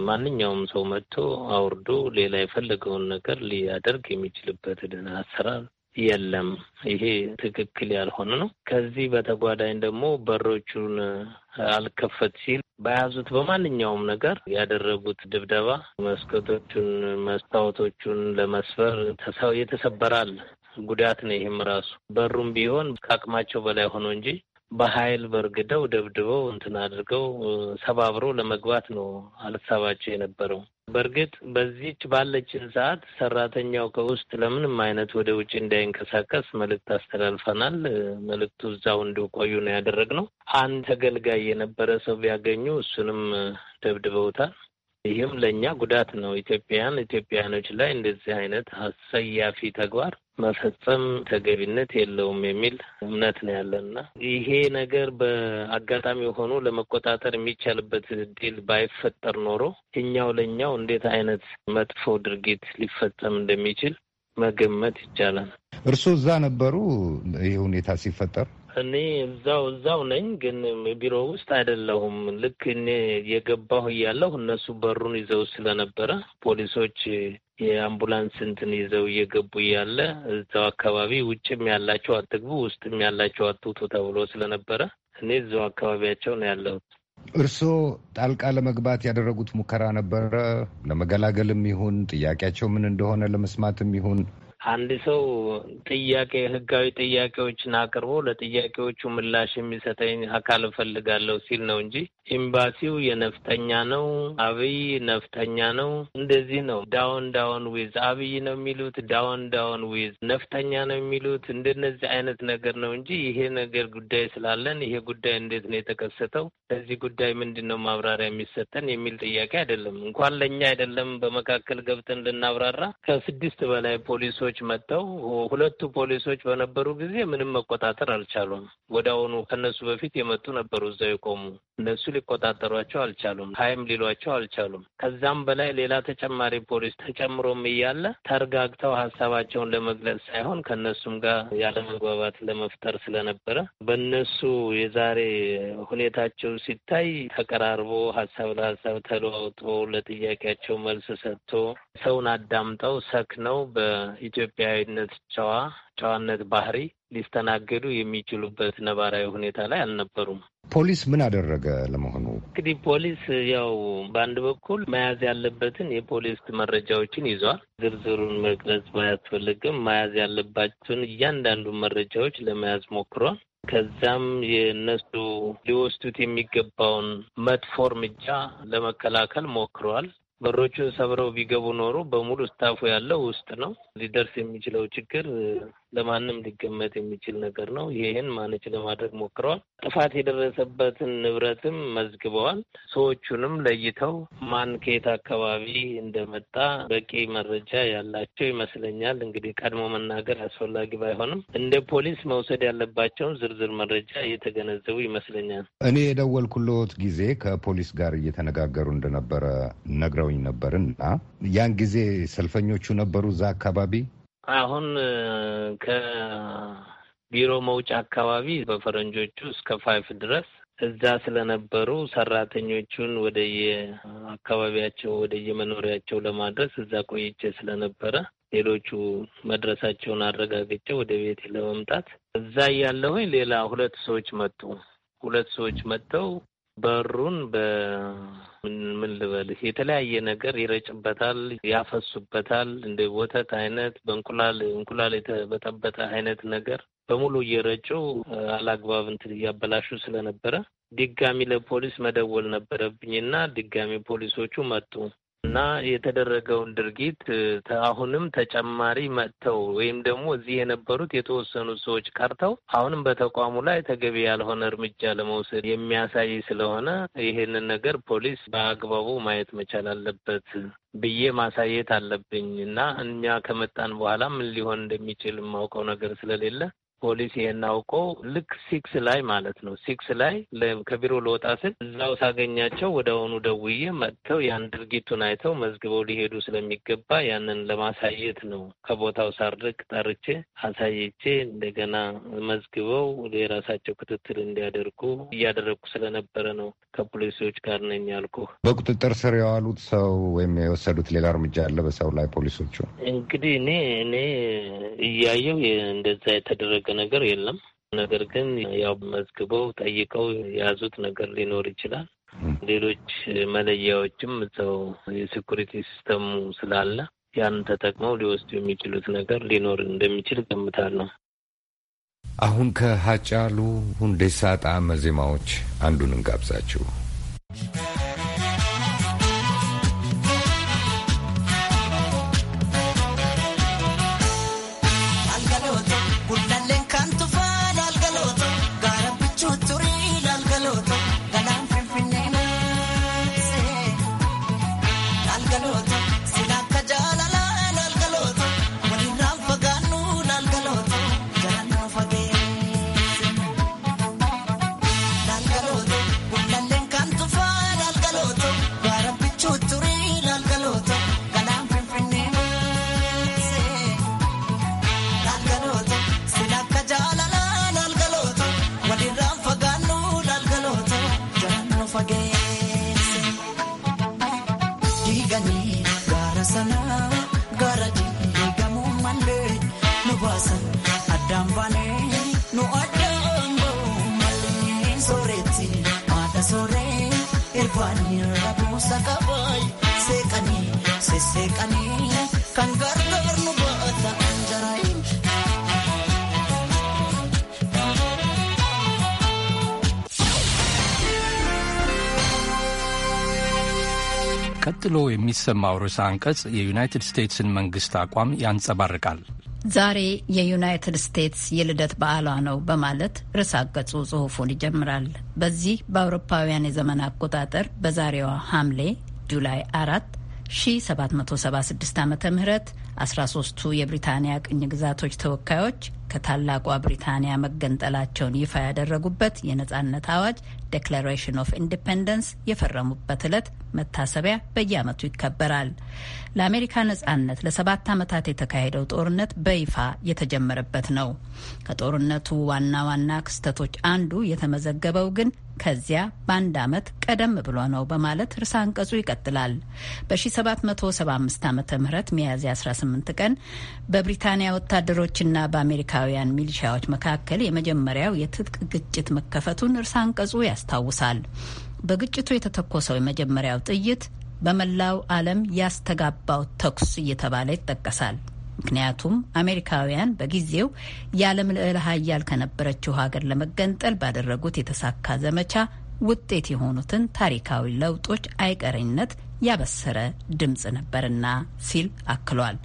ማንኛውም ሰው መጥቶ አውርዶ ሌላ የፈለገውን ነገር ሊያደርግ የሚችልበት ድን አሰራር የለም። ይሄ ትክክል ያልሆነ ነው። ከዚህ በተጓዳኝ ደግሞ በሮቹን አልከፈት ሲል በያዙት በማንኛውም ነገር ያደረጉት ድብደባ፣ መስኮቶቹን፣ መስታወቶቹን ለመስበር የተሰበራል ጉዳት ነው። ይህም ራሱ በሩም ቢሆን ከአቅማቸው በላይ ሆኖ እንጂ በኃይል በርግደው ደብድበው እንትን አድርገው ሰባብረው ለመግባት ነው አልሳባቸው የነበረው። በእርግጥ በዚች ባለችን ሰዓት ሰራተኛው ከውስጥ ለምንም አይነት ወደ ውጭ እንዳይንቀሳቀስ መልእክት አስተላልፈናል። መልእክቱ እዛው እንዲቆዩ ነው ያደረግነው። አንድ ተገልጋይ የነበረ ሰው ቢያገኙ እሱንም ደብድበውታል። ይህም ለእኛ ጉዳት ነው። ኢትዮጵያውያን ኢትዮጵያውያኖች ላይ እንደዚህ አይነት አሰያፊ ተግባር መፈጸም ተገቢነት የለውም የሚል እምነት ነው ያለንና ይሄ ነገር በአጋጣሚ ሆኖ ለመቆጣጠር የሚቻልበት እድል ባይፈጠር ኖሮ እኛው ለእኛው እንዴት አይነት መጥፎ ድርጊት ሊፈጸም እንደሚችል መገመት ይቻላል። እርስዎ እዛ ነበሩ ይህ ሁኔታ ሲፈጠር? እኔ እዛው እዛው ነኝ፣ ግን ቢሮ ውስጥ አይደለሁም። ልክ እኔ የገባሁ እያለሁ እነሱ በሩን ይዘው ስለነበረ ፖሊሶች የአምቡላንስ እንትን ይዘው እየገቡ እያለ እዛው አካባቢ ውጭም ያላቸው አትግቡ፣ ውስጥም ያላቸው አትውጡ ተብሎ ስለነበረ እኔ እዛው አካባቢያቸው ነው ያለሁት። እርስዎ ጣልቃ ለመግባት ያደረጉት ሙከራ ነበረ? ለመገላገልም ይሁን ጥያቄያቸው ምን እንደሆነ ለመስማትም ይሁን አንድ ሰው ጥያቄ ህጋዊ ጥያቄዎችን አቅርቦ ለጥያቄዎቹ ምላሽ የሚሰጠኝ አካል እፈልጋለሁ ሲል ነው እንጂ ኤምባሲው የነፍተኛ ነው፣ አብይ ነፍተኛ ነው፣ እንደዚህ ነው፣ ዳውን ዳውን ዊዝ አብይ ነው የሚሉት፣ ዳውን ዳውን ዊዝ ነፍተኛ ነው የሚሉት፣ እንደነዚህ አይነት ነገር ነው እንጂ ይሄ ነገር ጉዳይ ስላለን ይሄ ጉዳይ እንዴት ነው የተከሰተው፣ ለዚህ ጉዳይ ምንድን ነው ማብራሪያ የሚሰጠን የሚል ጥያቄ አይደለም። እንኳን ለእኛ አይደለም በመካከል ገብተን ልናብራራ ከስድስት በላይ ፖሊሶች ፖሊሶች መጥተው ሁለቱ ፖሊሶች በነበሩ ጊዜ ምንም መቆጣጠር አልቻሉም። ወደ አሁኑ ከነሱ በፊት የመጡ ነበሩ እዛው የቆሙ እነሱ ሊቆጣጠሯቸው አልቻሉም። ሀይም ሊሏቸው አልቻሉም። ከዛም በላይ ሌላ ተጨማሪ ፖሊስ ተጨምሮም እያለ ተረጋግተው ሀሳባቸውን ለመግለጽ ሳይሆን ከእነሱም ጋር ያለመግባባት ለመፍጠር ስለነበረ በእነሱ የዛሬ ሁኔታቸው ሲታይ ተቀራርቦ ሀሳብ ለሀሳብ ተለዋውጦ ለጥያቄያቸው መልስ ሰጥቶ ሰውን አዳምጠው ሰክነው በኢትዮጵያዊነት ጨዋ ጨዋነት ባህሪ ሊስተናገዱ የሚችሉበት ነባራዊ ሁኔታ ላይ አልነበሩም። ፖሊስ ምን አደረገ ለመሆኑ? እንግዲህ ፖሊስ ያው በአንድ በኩል መያዝ ያለበትን የፖሊስ መረጃዎችን ይዟል። ዝርዝሩን መግለጽ ባያስፈልግም መያዝ ያለባቸውን እያንዳንዱ መረጃዎች ለመያዝ ሞክሯል። ከዛም የእነሱ ሊወስዱት የሚገባውን መጥፎ እርምጃ ለመከላከል ሞክረዋል። በሮቹን ሰብረው ቢገቡ ኖሮ በሙሉ ስታፉ ያለው ውስጥ ነው። ሊደርስ የሚችለው ችግር ለማንም ሊገመት የሚችል ነገር ነው። ይህን ማነች ለማድረግ ሞክረዋል። ጥፋት የደረሰበትን ንብረትም መዝግበዋል። ሰዎቹንም ለይተው ማን ከየት አካባቢ እንደመጣ በቂ መረጃ ያላቸው ይመስለኛል። እንግዲህ ቀድሞ መናገር አስፈላጊ ባይሆንም እንደ ፖሊስ መውሰድ ያለባቸውን ዝርዝር መረጃ እየተገነዘቡ ይመስለኛል። እኔ የደወልኩሎት ጊዜ ከፖሊስ ጋር እየተነጋገሩ እንደነበረ ነግረውኝ ነበርና ያን ጊዜ ሰልፈኞቹ ነበሩ እዛ አካባቢ አሁን ከቢሮ መውጫ አካባቢ በፈረንጆቹ እስከ ፋይፍ ድረስ እዛ ስለነበሩ ሰራተኞቹን ወደ የአካባቢያቸው ወደ የመኖሪያቸው ለማድረስ እዛ ቆይቼ ስለነበረ ሌሎቹ መድረሳቸውን አረጋግጬ ወደ ቤት ለመምጣት እዛ እያለሁኝ ሌላ ሁለት ሰዎች መጡ። ሁለት ሰዎች መጥተው በሩን በምን ልበልህ የተለያየ ነገር ይረጭበታል፣ ያፈሱበታል። እንደ ወተት አይነት በእንቁላል እንቁላል የተበጠበጠ አይነት ነገር በሙሉ እየረጩ አላግባብ እንትን እያበላሹ ስለነበረ ድጋሚ ለፖሊስ መደወል ነበረብኝና ድጋሚ ፖሊሶቹ መጡ። እና የተደረገውን ድርጊት አሁንም ተጨማሪ መጥተው ወይም ደግሞ እዚህ የነበሩት የተወሰኑ ሰዎች ቀርተው አሁንም በተቋሙ ላይ ተገቢ ያልሆነ እርምጃ ለመውሰድ የሚያሳይ ስለሆነ ይህንን ነገር ፖሊስ በአግባቡ ማየት መቻል አለበት ብዬ ማሳየት አለብኝ እና እኛ ከመጣን በኋላ ምን ሊሆን እንደሚችል የማውቀው ነገር ስለሌለ ፖሊስ ይሄን አውቆ ልክ ሲክስ ላይ ማለት ነው ሲክስ ላይ ከቢሮ ለወጣ ስል እዛው ሳገኛቸው ወደ አሁኑ ደውዬ መጥተው ያን ድርጊቱን አይተው መዝግበው ሊሄዱ ስለሚገባ ያንን ለማሳየት ነው ከቦታው ሳርቅ ጠርቼ አሳይቼ እንደገና መዝግበው የራሳቸው ክትትል እንዲያደርጉ እያደረግኩ ስለነበረ ነው ከፖሊሶች ጋር ነኝ ያልኩ። በቁጥጥር ስር የዋሉት ሰው ወይም የወሰዱት ሌላ እርምጃ አለ በሰው ላይ ፖሊሶቹ? እንግዲህ እኔ እኔ እያየው እንደዛ የተደረገ የተደበቀ ነገር የለም። ነገር ግን ያው መዝግበው ጠይቀው የያዙት ነገር ሊኖር ይችላል። ሌሎች መለያዎችም እዛው የሴኩሪቲ ሲስተሙ ስላለ ያን ተጠቅመው ሊወስዱ የሚችሉት ነገር ሊኖር እንደሚችል ገምታለሁ። አሁን ከሀጫሉ ሁንዴሳ ጣዕመ ዜማዎች አንዱን እንጋብዛችሁ። ቀጥሎ የሚሰማው ርዕሰ አንቀጽ የዩናይትድ ስቴትስን መንግስት አቋም ያንጸባርቃል። ዛሬ የዩናይትድ ስቴትስ የልደት በዓሏ ነው በማለት ርዕሰ አንቀጹ ጽሑፉን ይጀምራል። በዚህ በአውሮፓውያን የዘመን አቆጣጠር በዛሬዋ ሐምሌ ጁላይ አራት 1776 ዓ ም 13ቱ የብሪታንያ ቅኝ ግዛቶች ተወካዮች ከታላቋ ብሪታንያ መገንጠላቸውን ይፋ ያደረጉበት የነጻነት አዋጅ ዴክላሬሽን ኦፍ ኢንዲፐንደንስ የፈረሙበት ዕለት መታሰቢያ በየዓመቱ ይከበራል። ለአሜሪካ ነጻነት ለሰባት ዓመታት የተካሄደው ጦርነት በይፋ የተጀመረበት ነው። ከጦርነቱ ዋና ዋና ክስተቶች አንዱ የተመዘገበው ግን ከዚያ በአንድ ዓመት ቀደም ብሎ ነው በማለት ርዕሰ አንቀጹ ይቀጥላል። በ1775 ዓ ም ሚያዝያ 18 ቀን በብሪታንያ ወታደሮችና በአሜሪካውያን ሚሊሻዎች መካከል የመጀመሪያው የትጥቅ ግጭት መከፈቱን እርሳ አንቀጹ ያስታውሳል። በግጭቱ የተተኮሰው የመጀመሪያው ጥይት በመላው ዓለም ያስተጋባው ተኩስ እየተባለ ይጠቀሳል። ምክንያቱም አሜሪካውያን በጊዜው የዓለም ልዕለ ሀያል ከነበረችው ሀገር ለመገንጠል ባደረጉት የተሳካ ዘመቻ ውጤት የሆኑትን ታሪካዊ ለውጦች አይቀሬነት ያበሰረ ድምፅ ነበርና ሲል አክሏል።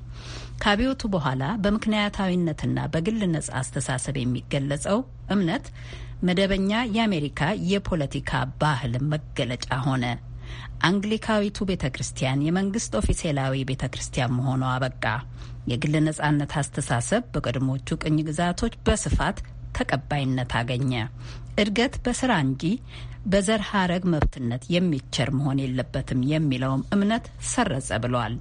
ከአብዮቱ በኋላ በምክንያታዊነትና በግል ነጻ አስተሳሰብ የሚገለጸው እምነት መደበኛ የአሜሪካ የፖለቲካ ባህል መገለጫ ሆነ። አንግሊካዊቱ ቤተ ክርስቲያን የመንግስት ኦፊሴላዊ ቤተ ክርስቲያን መሆኑ አበቃ። የግል ነጻነት አስተሳሰብ በቀድሞቹ ቅኝ ግዛቶች በስፋት ተቀባይነት አገኘ። እድገት በስራ እንጂ በዘር ሀረግ መብትነት የሚቸር መሆን የለበትም የሚለውም እምነት ሰረጸ ብለዋል።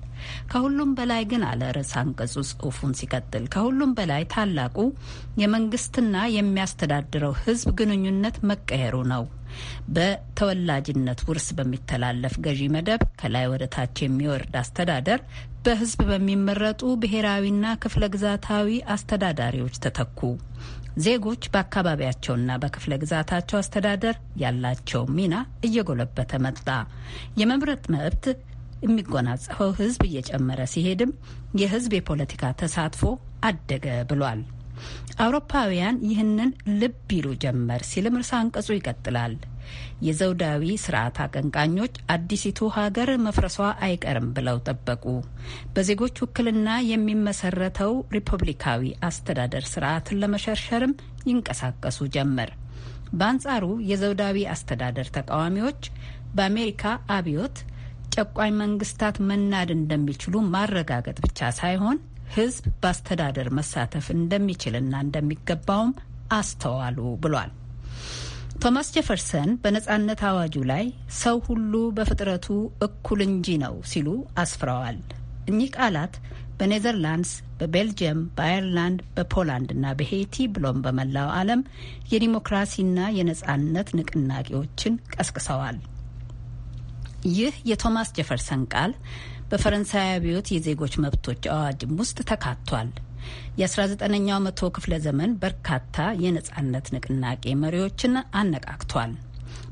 ከሁሉም በላይ ግን አለ ርዕሰ አንቀጹ ጽሁፉን ሲቀጥል፣ ከሁሉም በላይ ታላቁ የመንግስትና የሚያስተዳድረው ህዝብ ግንኙነት መቀየሩ ነው። በተወላጅነት ውርስ በሚተላለፍ ገዢ መደብ ከላይ ወደ ታች የሚወርድ አስተዳደር በህዝብ በሚመረጡ ብሔራዊና ክፍለ ግዛታዊ አስተዳዳሪዎች ተተኩ። ዜጎች በአካባቢያቸውና በክፍለ ግዛታቸው አስተዳደር ያላቸው ሚና እየጎለበተ መጣ። የመምረጥ መብት የሚጎናጸፈው ህዝብ እየጨመረ ሲሄድም የህዝብ የፖለቲካ ተሳትፎ አደገ ብሏል። አውሮፓውያን ይህንን ልብ ይሉ ጀመር ሲልም እርሳ አንቀጹ ይቀጥላል። የዘውዳዊ ስርዓት አቀንቃኞች አዲሲቱ ሀገር መፍረሷ አይቀርም ብለው ጠበቁ። በዜጎች ውክልና የሚመሰረተው ሪፐብሊካዊ አስተዳደር ስርዓትን ለመሸርሸርም ይንቀሳቀሱ ጀመር። በአንጻሩ የዘውዳዊ አስተዳደር ተቃዋሚዎች በአሜሪካ አብዮት ጨቋኝ መንግስታት መናድ እንደሚችሉ ማረጋገጥ ብቻ ሳይሆን ህዝብ በአስተዳደር መሳተፍ እንደሚችልና እንደሚገባውም አስተዋሉ ብሏል። ቶማስ ጀፈርሰን በነጻነት አዋጁ ላይ ሰው ሁሉ በፍጥረቱ እኩል እንጂ ነው ሲሉ አስፍረዋል። እኚህ ቃላት በኔዘርላንድስ፣ በቤልጅየም፣ በአየርላንድ፣ በፖላንድ እና በሄይቲ ብሎም በመላው ዓለም የዲሞክራሲና የነጻነት ንቅናቄዎችን ቀስቅሰዋል። ይህ የቶማስ ጄፈርሰን ቃል በፈረንሳይ አብዮት የዜጎች መብቶች አዋጅም ውስጥ ተካቷል። የ19ኛው መቶ ክፍለ ዘመን በርካታ የነጻነት ንቅናቄ መሪዎችን አነቃቅቷል።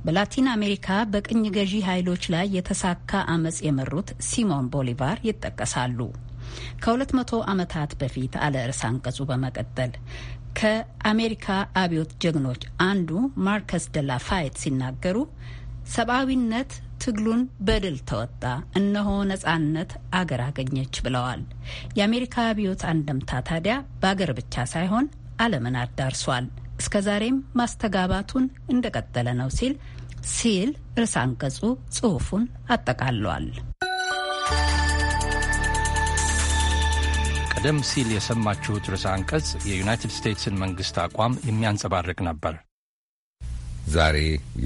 በላቲን አሜሪካ በቅኝ ገዢ ኃይሎች ላይ የተሳካ አመጽ የመሩት ሲሞን ቦሊቫር ይጠቀሳሉ። ከሁለት መቶ ዓመታት በፊት አለ ርዕሰ አንቀጹ በመቀጠል ከአሜሪካ አብዮት ጀግኖች አንዱ ማርከስ ደላፋየት ሲናገሩ ሰብአዊነት ትግሉን በድል ተወጣ፣ እነሆ ነጻነት አገር አገኘች ብለዋል። የአሜሪካ አብዮት አንደምታ ታዲያ በአገር ብቻ ሳይሆን ዓለምን አዳርሷል፣ እስከ ዛሬም ማስተጋባቱን እንደቀጠለ ነው ሲል ሲል ርዕሰ አንቀጹ ጽሑፉን አጠቃሏል። ቀደም ሲል የሰማችሁት ርዕሰ አንቀጽ የዩናይትድ ስቴትስን መንግሥት አቋም የሚያንጸባርቅ ነበር። ዛሬ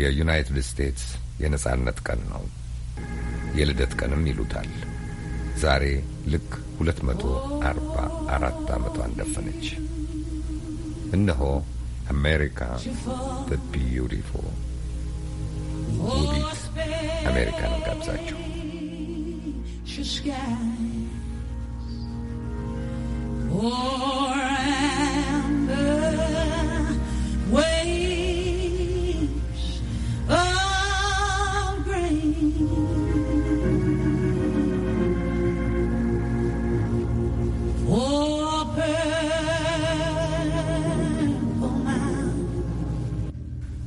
የዩናይትድ ስቴትስ የነጻነት ቀን ነው። የልደት ቀንም ይሉታል። ዛሬ ልክ ሁለት መቶ አርባ አራት ዓመቷን ደፈነች። እነሆ አሜሪካ ዘ ቢዩቲፉል ውቢት አሜሪካንን ጋብዛችሁ Or amber,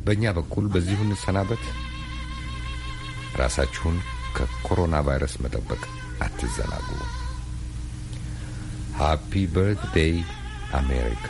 በእኛ በኩል በዚሁ እንሰናበት። ራሳችሁን ከኮሮና ቫይረስ መጠበቅ አትዘናጉ። ሃፒ በርትዴይ አሜሪካ